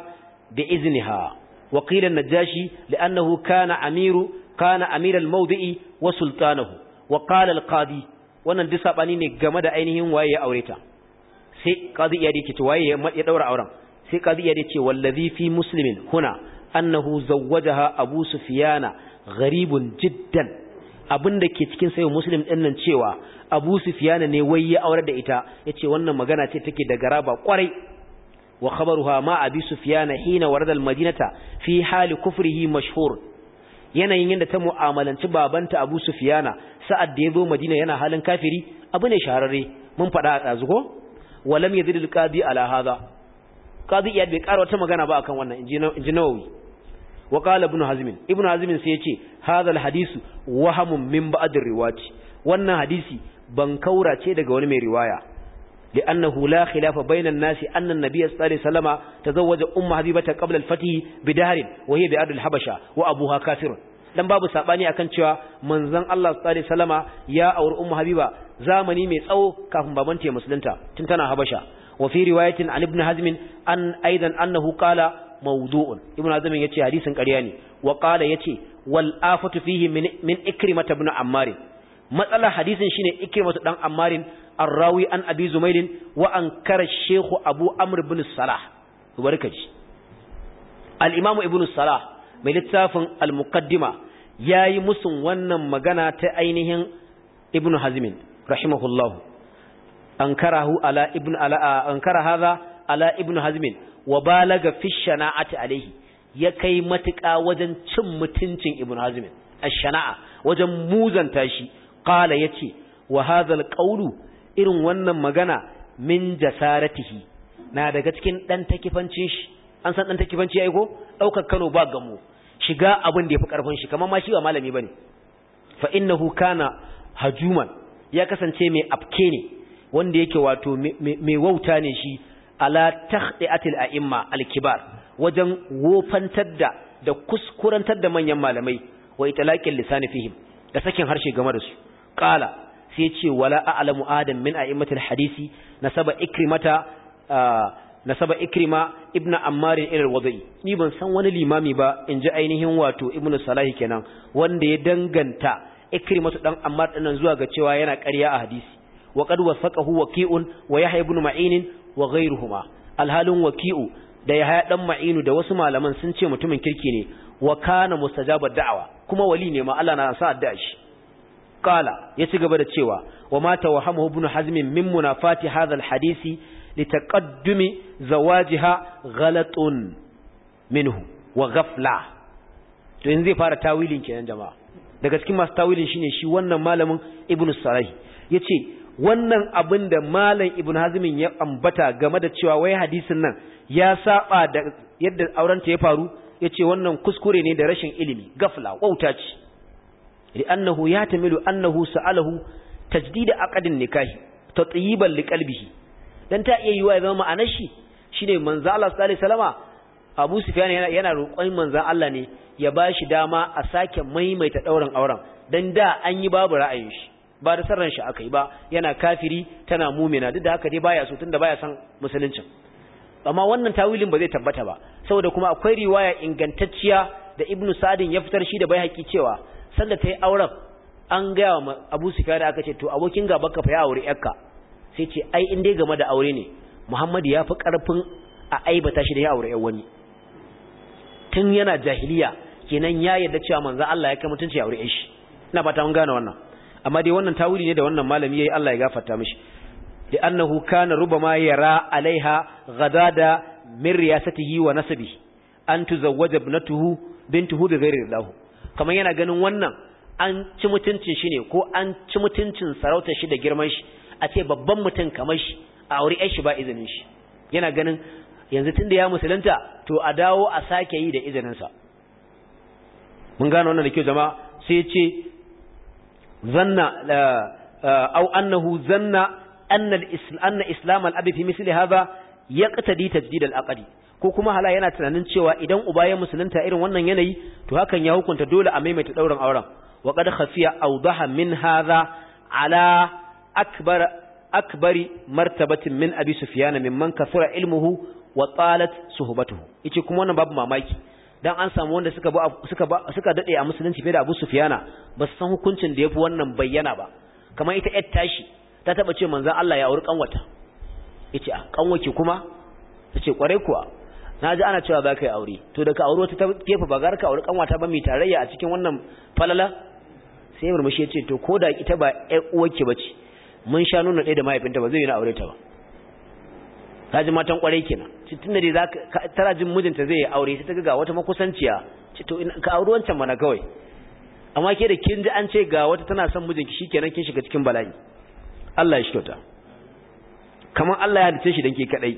bi izniha wa ƙila najashi li'annahu kana amiru kana amiral mawdi'i wa sultanahu wa qala al-qadi wannan duk sabani ne game da ainihin waye ya aure ta sai qadi ya dace waye ya daura auren sai qadi ya dace wallazi fi muslimin huna annahu zawwajaha abu sufyana gharibun jiddan abinda ke cikin sayo muslim din nan cewa abu sufyana ne wai ya aure da ita yace wannan magana ce take da garaba kwarai wa khabaruha ma abi sufyana hina warada al-madinata fi hali kufrihi mashhur yanayin yadda ta mu'amalanci babanta Abu Sufyana sa'ad da ya zo Madina yana halin kafiri abu ne shahararre mun faɗa a tsazu ko walam yazid al-qadi ala hadha qadi iyad bai ƙara wata magana ba akan wannan inji Nawawi wa qala ibn Hazm ibn Hazm sai ya ce hadha al-hadith wahamun min ba'd riwati wannan hadisi ban kaura ce daga wani mai riwaya لأنه لا خلاف بين الناس أن النبي صلى الله عليه وسلم تزوج أم حبيبة قبل الفتح بدهر وهي بأرض الحبشة وأبوها كافر dan babu sabani akan cewa manzon Allah sallallahu alaihi wasallama ya auri ummu habiba zamani mai tsawo kafin baban ta musulunta tun tana habasha wa fi riwayatin an ibn hazm an aidan annahu qala mawdu'un ibn hazm yace hadisin ƙarya ne wa qala yace wal afatu fihi min, min ikrimata ibn ammar matsalar hadisin shine ikrimata dan ammar arrawi an abi zumailin wa ankara shekhu abu amr ibn salah barkaji al-imamu ibn salah mai littafin al-muqaddima ya yi musun wannan magana ta ainihin ibn hazmin rahimahullah an karahu ala ibn ala an kara ala ibn hazmin wa balaga fi shana'ati alaihi ya kai matuƙa wajen cin mutuncin ibn hazmin ash-shana'a wajen muzanta shi qala yace wa hadha qawlu irin wannan magana min jasaratihi na daga cikin dan takifancin shi an san dan takifanci yayi ko daukar Kano ba gamu shiga abin da fi ƙarfin shi kamar ma shi ba malami bane fa innahu kana hajuman ya kasance mai afke ne wanda yake wato mai wauta ne shi ala takhdi'atil a'imma imma alkibar wajen wofantar da da kuskurantar da manyan malamai wa itlaqil lisani fihim da sakin harshe game da su ƙala sai ce wala a'lamu adam min a'immatil hadisi nasaba ikrimata ah, nasaba ikrima ibn Ammarin irin alwadi ni ban san wani limami ba in ji ainihin wato ibn salahi kenan wanda ya danganta ikrimatu dan ammar dinnan zuwa ga cewa yana ƙarya a hadisi wa qad wasaqahu waqi'un wa yahya ibn ma'in wa ghayruhuma alhalin waqi'u da yahya dan ma'inu da wasu malaman sun ce mutumin kirki ne wa kana mustajabar da'awa kuma wali ne ma Allah na sa addu'a shi qala ya ci gaba da cewa wa mata wahamu ibn hazm min munafati hadha alhadisi لتقدم zawajiha غلط minhu wa to yanzu zai fara tawilin kenan jama'a daga cikin masu tawilin shine shi wannan malamin ibnu Ya yace wannan abin da malam ibnu hazmin ya ambata game da cewa wai hadisin nan ya saba da yadda aurenta ya faru yace wannan kuskure ne da rashin ilimi gafla wauta ce 'annahu yatamilu annahu sa'alahu tajdid aqdin nikahi tatyiban liqalbihi dan ta iya yiwa ya zama ma'anar shi shine manzo Allah sallallahu alaihi wasallama Abu Sufyan yana yana roƙon manzon Allah ne ya ba shi dama a sake maimaita dauran auren dan da an yi babu ra'ayin shi ba da sarran shi akai ba yana kafiri tana mumina duk da haka dai baya so tunda baya san musuluncin amma wannan tawilin ba zai tabbata ba saboda kuma akwai riwaya ingantacciya da Ibn Sa'din ya fitar shi da Baihaqi cewa sanda ta yi auren an gaya wa Abu Sufyan aka ce to abokin gaba ka fa ya aure yarka sai ce ai in dai game da aure ne muhammadu ya fi ƙarfin a aibata shi da ya aure wani tun yana jahiliya kenan ya yarda cewa manzo Allah ya kai mutunci ya aure shi ina fata mun gane wannan amma dai wannan tawuri ne da wannan malami yayi Allah ya gafarta mishi li annahu kana rubama yara alaiha ghadada min riyasatihi wa nasbi an tuzawwaja ibnatuhu bintuhu bi ghairi ridahu kamar yana ganin wannan an ci mutuncin shi ne ko an ci mutuncin sarautar shi da girman shi a ce babban mutum kamar shi a auri ƴar shi ba izinin shi yana ganin yanzu tunda ya musulunta to a dawo a sake yi da izininsa sa mun gane wannan da kyau jama'a sai ce zanna eh, eh, au annahu zanna anna anna islam al-abi fi misli hadha yaqtadi tajdid al-aqdi ko kuma hala yana tunanin cewa idan uba ya musulunta irin wannan yanayi to hakan ya hukunta dole a maimaita dauran auren wa qad khafiya awdaha min hadha ala أكبر akbari مرتبة من أبي سفيان من من كثر wa وطالت صحبته yace kuma wannan babu mamaki dan an samu wanda suka suka suka dade a musulunci fiye da Abu Sufyana ba su san hukuncin da yafi wannan bayyana ba kamar ita ƴar tashi ta taba ce manzon Allah ya auri kanwata yace a kanwake kuma yace kware kuwa naji ana cewa za kai aure to da ka aure wata ta kefa ba ka aure kanwata ba mai tarayya a cikin wannan falala sai murmushi yace to ko da ita ba ƴar uwarki bace mun sha nuna ɗaya da mahaifinta ba zai yi na aure ta ba ta ji matan kwarai kenan cikin da ka tara jin mijinta zai yi aure ta ga wata makusanciya to ka auri wancan mana kawai amma ke da kin ji an ce ga wata tana son mijinki shikenan kin shiga cikin bala'i Allah ya shi ta. kamar Allah ya dace shi dan ke kadai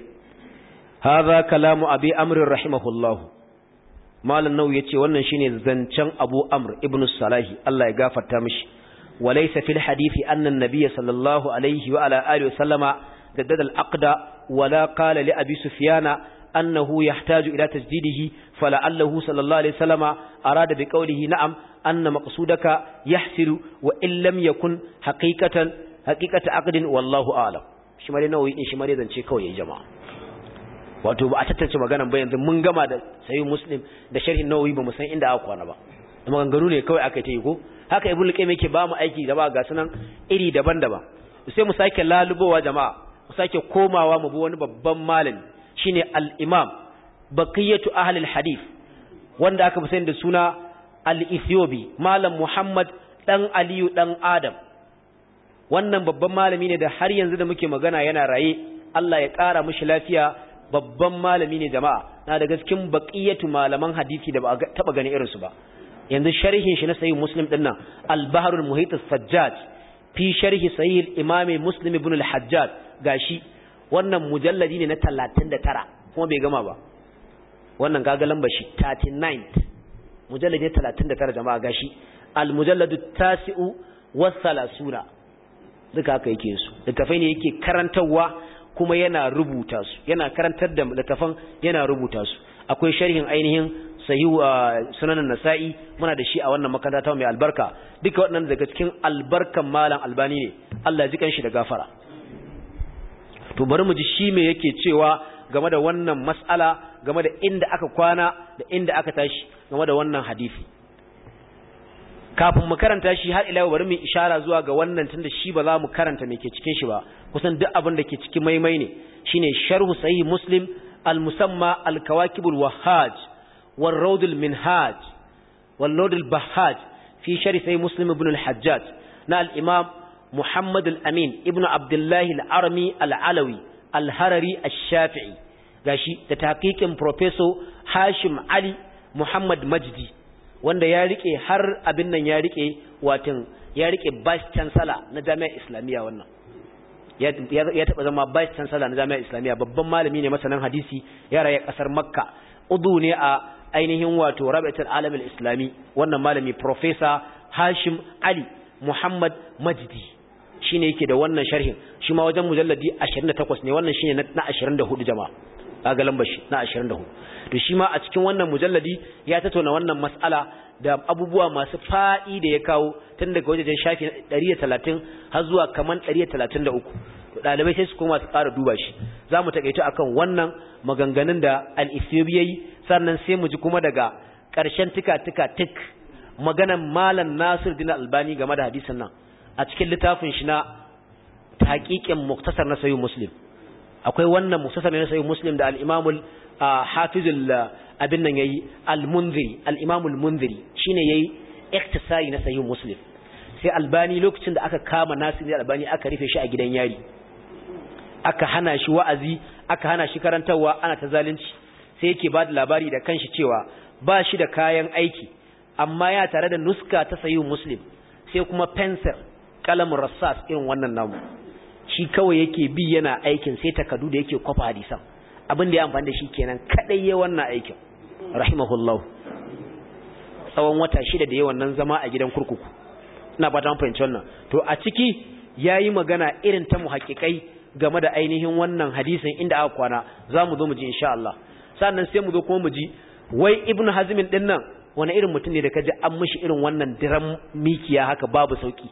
hadha kalamu abi amr rahimahullahu malam nau ce wannan shine zancen abu amr ibnu salahi Allah ya gafarta mishi وليس في الحديث أن النبي صلى الله عليه وعلى آله وسلم جدد العقد ولا قال لأبي سفيان أنه يحتاج إلى تجديده فلعله صلى الله عليه وسلم أراد بقوله نعم أن مقصودك يحسر وإن لم يكن حقيقة حقيقة عقد والله أعلم shimare nawawi in shimare zance kawai ya jama'a wato ba a tattace maganan ba yanzu mun gama da sayi muslim da sharhin nawawi ba mu san inda aka kwana ba maganganu ne kawai aka ta yi ko haka ibnu qayyim yake ba mu aiki da ba ga sunan iri daban-daban sai mu sake lalubowa jama'a mu sake komawa mu bi wani babban malami shine al-imam baqiyatu ahli al-hadith wanda aka fi sani da suna al ithiyobi malam muhammad dan aliyu dan adam wannan babban malami ne da har yanzu da muke magana yana raye Allah ya kara mishi lafiya babban malami ne jama'a na da gaskin baqiyatu malaman hadisi da ba taba irin irinsu ba yanzu sharhin shi na sayi muslim din nan al-bahrul muhit Sajjad fi sharhi sayi al muslim ibn al-hajjaj gashi wannan mujalladi ne na 39 kuma bai gama ba wannan kaga lamba shi 39 mujalladi ne 39 jama'a gashi al-mujalladu tasiu wa thalathuna duka haka yake su littafai ne yake kuma yana rubuta su yana karantar da littafan yana rubuta su akwai sharhin ainihin sahihu sunanan nasa'i muna da shi a wannan makaranta ta mai albarka duka waɗannan daga cikin albarkan malam albani ne Allah ya ji kanshi da gafara to bari mu ji shi me yake cewa game da wannan mas'ala game da inda aka kwana da inda aka tashi game da wannan hadisi kafin mu karanta shi har ila bari mu ishara zuwa ga wannan tunda shi ba za mu karanta me ke cikin shi ba kusan duk abin da ke cikin maimai ne shine sharhu sahih muslim al musamma al kawakibul wahhaj والروض المنهاج واللود البهاج في شرح سي مسلم بن الحجاج نا الإمام محمد الأمين ابن عبد الله العرمي العلوي الهرري الشافعي gashi da takikin professor Hashim Ali Muhammad Majdi wanda ya rike har abin nan ya rike watan ya rike vice chancellor na Jami'ar Islamiyya wannan ya taba zama vice chancellor na Jami'ar Islamiyya babban malami ne masanin hadisi ya raye kasar Makka udu ne a ainihin wato rabitul alamil islami wannan malami professor Hashim Ali Muhammad Majdi shine yake da wannan sharhin shi ma wajen mujalladi 28 ne wannan shine na 24 jama'a ga lambar shi na 24 to shi ma a cikin wannan mujalladi ya tattauna wannan mas'ala da abubuwa masu fa'i da ya kawo tun daga wajen shafi 130 har zuwa kaman 133 dalibai sai su koma su ƙara duba shi za mu a akan wannan maganganun da al'isiyobi ya sannan sai mu ji kuma daga ƙarshen tuka-tuka tik maganan malam nasir dina albani game da hadisin nan a cikin littafin shi na taƙiƙin muktasar na sayu muslim akwai wannan muktasar na sayu muslim da al'imamul hafizul abin nan yayi al-munziri al-imamul munziri shine yayi iktisari na sayu muslim sai albani lokacin da aka kama nasir albani aka rufe shi a gidan yari aka hana shi wa'azi aka hana shi karantarwa ana ta zalunci sai yake ba da labari da kanshi cewa ba shi da kayan aiki amma ya tare da nuska ta sayi muslim sai kuma fensir kalamin rassas irin wannan namu shi kawai yake bi yana aikin sai takadu da yake kwafa hadisan abin da ya amfani da shi kenan kadai ya wannan aikin rahimahullahu tsawon wata shida da ya wannan zama a gidan kurkuku ina fata mun fahimci wannan to a ciki ya yi magana irin ta muhaƙiƙai game da ainihin wannan hadisin inda aka kwana za mu zo mu ji insha Allah sannan sai mu zo kuma mu ji wai ibnu hazmin din nan wani irin mutum ne da kaji an mishi irin wannan diran mikiya haka babu sauki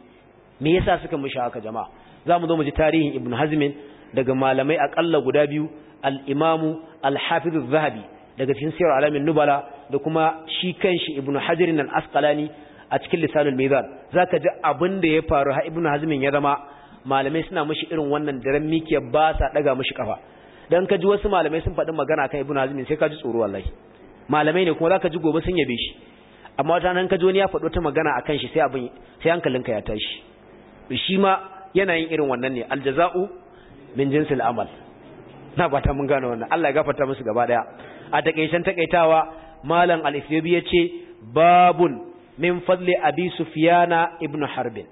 me yasa suka mishi haka jama'a za mu zo mu ji tarihin ibnu hazmin daga malamai akalla guda biyu al-imamu al-hafiz az-zahabi daga cikin sirr alamin nubala da kuma shi kanshi ibnu hajar nan asqalani a cikin lisanul mizan zaka ji abin da ya faru ha ibnu hazmin ya zama malamai suna mishi irin wannan daren mikiyar ba sa daga mishi kafa dan ka ji wasu malamai sun faɗi magana kan ibnu hazmi sai ka ji tsoro wallahi malamai ne kuma zaka ji gobe sun yabe shi amma wata nan ka ji wani ya faɗo ta magana akan shi sai abin sai hankalinka ya tashi shi ma yana yin irin wannan ne aljaza'u min jinsil amal na fata mun gane wannan Allah ya gafarta musu gaba daya a takeicen takeitawa malam al-Ithiobi yace babun min fadli abi sufyana ibn harbin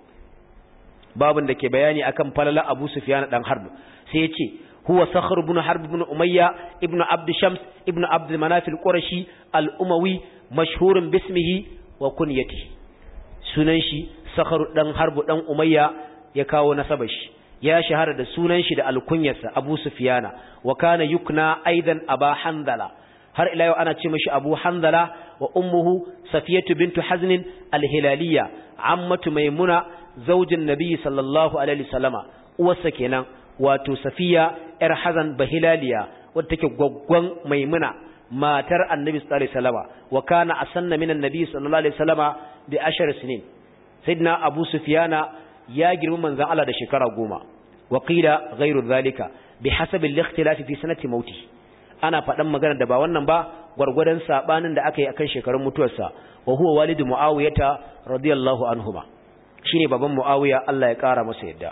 babin da ke bayani akan falala Abu Sufiyana dan Harb sai ya ce huwa Sakhr ibn Harb ibn Umayya ibn Abd Shams ibn Abd Manaf al-Qurashi al-Umawi mashhurun bismihi wa kunyatihi sunan shi Sakhr dan Harb dan Umayya ya kawo nasabar shi ya shahara da sunan shi da alkunyarsa Abu Sufiyana, wa kana yukna aidan Aba Handala har ila yau ana ce mashi Abu Handala wa ummuhu Safiyatu bintu Haznin al-Hilaliyya ammatu Maimuna zaujin nabi sallallahu alaihi wasallama uwarsa kenan wato safiya yar hazan bahilaliya wadda take gwaggwan maimuna matar annabi sallallahu alaihi wasallama wa kana asanna minan nabi sallallahu alaihi wasallama bi ashar sinin sayyidina abu sufyana ya girma manzon Allah da shekara goma wa qila ghairu dhalika bi hasabi al-ikhtilaf fi sanati mauti ana faɗan magana da ba wannan ba gwargwadon sabanin da aka yi akan shekarun mutuwarsa wa huwa walidu muawiyata radiyallahu anhuma shine baban muawiya Allah ya kara masa yadda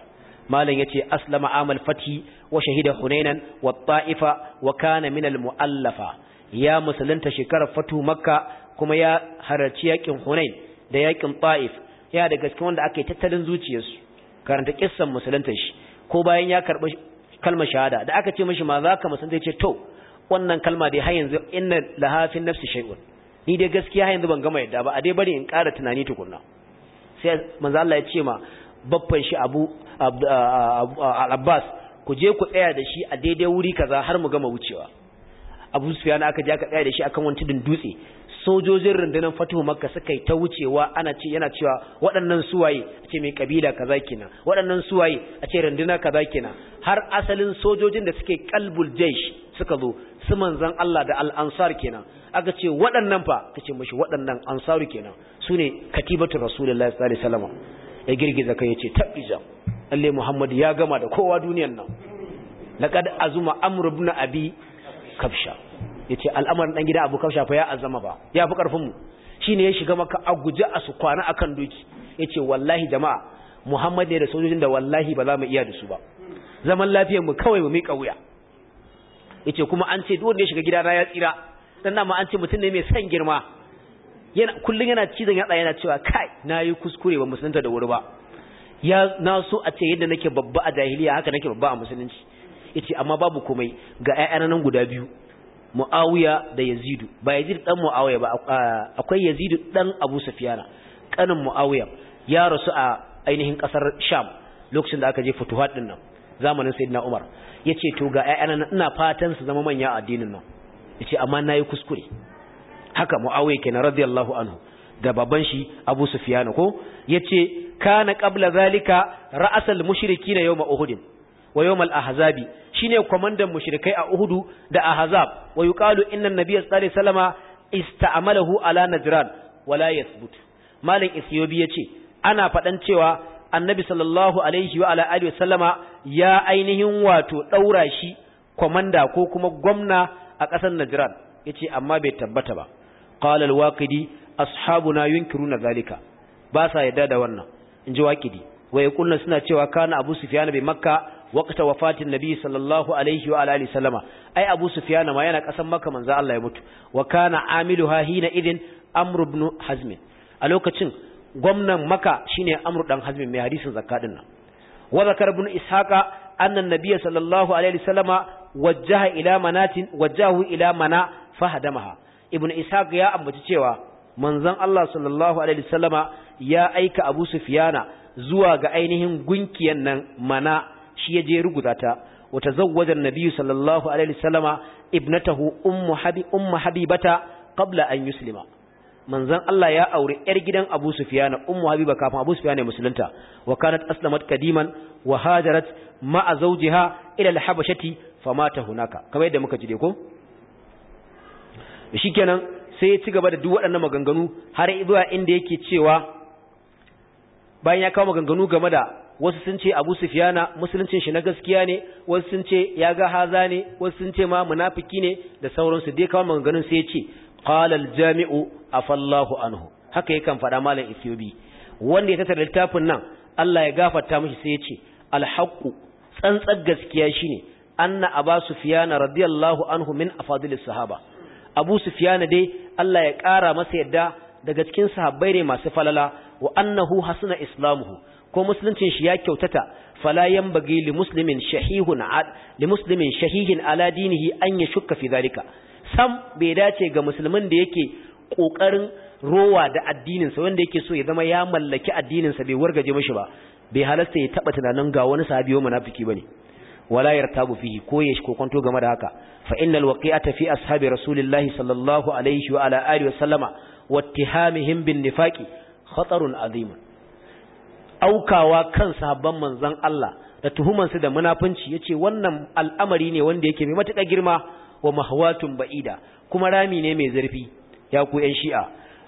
malam yace aslama amal fati wa shahida hunainan wa ta'ifa wa kana min al muallafa ya musulunta shekarar fatu makka kuma ya halarci yakin hunain da yakin ta'if ya da gaske wanda ake tattalin zuciyarsu karanta kissan musulunta shi ko bayan ya karbi kalmar shahada da aka ce mishi ma zaka musulunta yace to wannan kalma dai har yanzu inna lahafin nafsi shay'un ni dai gaskiya har yanzu ban gama yadda ba a dai bari in ƙara tunani tukunna sai manzo Allah ya ce ma babban shi Abu Al-Abbas ku je ku tsaya da shi a daidai wuri kaza har mu gama wucewa Abu Sufyan aka je aka tsaya da shi akan wani tudun dutse sojojin rundunar fatuhu makka suka ta wucewa ana ce yana cewa waɗannan suwaye a ce mai kabila kaza kina waɗannan suwaye a ce runduna kaza kina har asalin sojojin da suke kalbul jaish suka zo su manzan Allah da al'ansar kenan aka ce waɗannan fa ka ce mashi waɗannan ansaru kenan su ne katibatu rasulullahi sallallahu alaihi wasallam ya girgiza kai ya ce tabbija muhammad ya gama da kowa duniyar nan laqad azuma amr ibn abi kafsha yace al'amarin dan gida abu kafsha fa ya azama ba ya fi karfin Shi ne ya shiga maka a guje a su kwana akan doki yace wallahi jama'a muhammad ne da sojojin da wallahi ba za mu iya da su ba zaman lafiyar mu kawai mu mika wuya yace kuma an ce duk wanda ya shiga gidana ya tsira dan nan ma an ce mutum ne mai san girma yana kullun yana cizon yatsa yana cewa kai nayi kuskure ba musulunta da wuri ba ya na so a ce yadda nake babba a jahiliya haka nake babba a musulunci yace amma babu komai ga ƴaƴan nan guda biyu Muawiya da Yazid ba Yazid dan Muawiya ba akwai Yazid dan Abu Sufyana kanin Muawiya ya rasu a ainihin kasar Sham lokacin da aka je futuhat din nan zamanin sayyidina Umar yace to ga 'ya'yana ina fatan su zama manya a addinin nan yace amma nayi kuskure haka Muawiya kenan radiyallahu anhu da baban shi Abu Sufyan ko yace kana qabla zalika ra'asal mushiriki yawm Uhud wa yawm al-ahzab shine komandan mushrikai a Uhud da ahzab wa yuqalu inna an-nabiy sallallahu alaihi wasallama ista'malahu ala najran wala yathbut malam isyobi yace ana fadan cewa annabi sallallahu alaihi wa ala alihi sallama ya ainihin wato ɗaura shi kwamanda ko kuma gwamna a ƙasar ya ce amma bai tabbata ba Ƙalal waƙidi waqidi ashabuna yunkiruna zalika ba sa yadda da wannan inji waqidi wa kunna suna cewa kana abu Sufiyana bai makka waqta wafatin nabi sallallahu alaihi wa alihi sallama ai abu Sufiyana ma yana ƙasar makka manzo Allah ya mutu wa kana amiluha hina idin amr ibn hazm a lokacin gwamnan maka shine amru dan hazmin mai hadisin zakka din nan wa zakar ibn ishaqa anna nabiyya sallallahu alaihi wasallama wajjaha ila manatin wajjahu ila mana fahadamaha ibn ishaq ya ambaci cewa manzon Allah sallallahu alaihi wasallama ya aika abu sufyana zuwa ga ainihin gunkiyan nan mana shi ya je ruguza ta wa tazawwaja nabiyyu sallallahu alaihi wasallama ibnatahu ummu habi ummu habibata qabla an yuslima manzon Allah ya aure yar gidan Abu Sufyan ummu Habiba kafin Abu Sufyan ya musulunta wa kanat aslamat qadiman wa hajarat ma'a zawjiha ila al-habashati famata hunaka kamar yadda muka ji dai ko shikenan sai ya ci gaba da duk waɗannan maganganu har zuwa inda yake cewa bayan ya kawo maganganu game da wasu sun ce Abu Sufyan musuluncin shi na gaskiya ne wasu sun ce ya ga haza ne wasu sun ce ma munafiki ne da sauransu dai kawo maganganun sai ya ce qala al-jami'u afallahu anhu haka yakan faɗa malam Ethiopia wanda ya tattara littafin nan Allah ya gafarta mishi sai ya ce al-haqqu tsantsar gaskiya shine anna aba Sufiyana radiyallahu anhu min afadilis sahaba abu Sufiyana dai Allah ya ƙara masa yadda daga cikin sahabbai ne masu falala wa annahu hasuna islamuhu ko musuluncin shi ya kyautata fala yanbaghi li muslimin shahihun li muslimin shahihin ala dinihi an yashukka fi zalika sam bai dace ga musulmin da yake kokarin rowa da addininsa wanda yake so ya zama ya mallaki addininsa bai wargaje mashi ba bai halasta ya taba tunanin ga wani sahabi wa munafiki bane wala yartabu fihi ko ya shi kokonto game da haka fa innal waqi'ata fi ashabi rasulillahi sallallahu alaihi wa ala alihi wa sallama wattihamihim bin nifaqi khatarun azim aukawa kan sahabban manzon Allah da tuhumansu da munafunci yace wannan al'amari ne wanda yake mai matuƙa girma wa mahwatun ba'ida kuma rami ne mai zurfi ya ku ƴan shi'a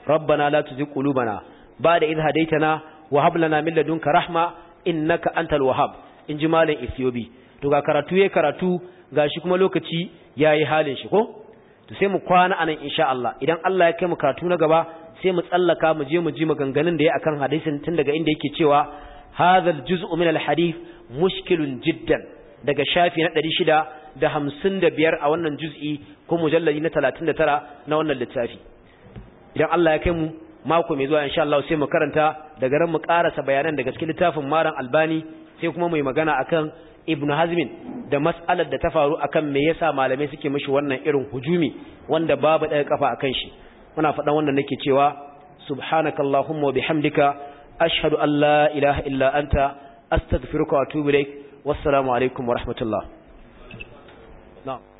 rabbana la tuzigh qulubana ba'da idh hadaytana wa hab lana min ladunka rahma innaka antal wahhab ji malam isiobi to ga karatu ya karatu gashi kuma lokaci yayi halin shi ko to sai mu kwana anan insha Allah idan Allah ya kai mu karatu na gaba sai mu tsallaka mu je mu ji maganganun da ya akan hadisin tun daga inda yake cewa hadha al-juz'u min al-hadith mushkilun jiddan daga shafi na 600 da hamsin da biyar a wannan juz'i ko mujallali na talatin da tara na wannan littafi idan Allah ya kai mu mako mai zuwa insha Allah sai mu karanta daga ran mu karasa bayanan daga cikin littafin Maran Albani sai kuma mu yi magana akan Ibn Hazmin da mas'alar da ta faru akan me yasa malamai suke mishi wannan irin hujumi wanda babu ɗaya kafa akan shi muna faɗan wannan nake cewa subhanakallahumma wa bihamdika ashhadu an la ilaha illa anta astaghfiruka wa atubu ilaik wassalamu alaikum wa No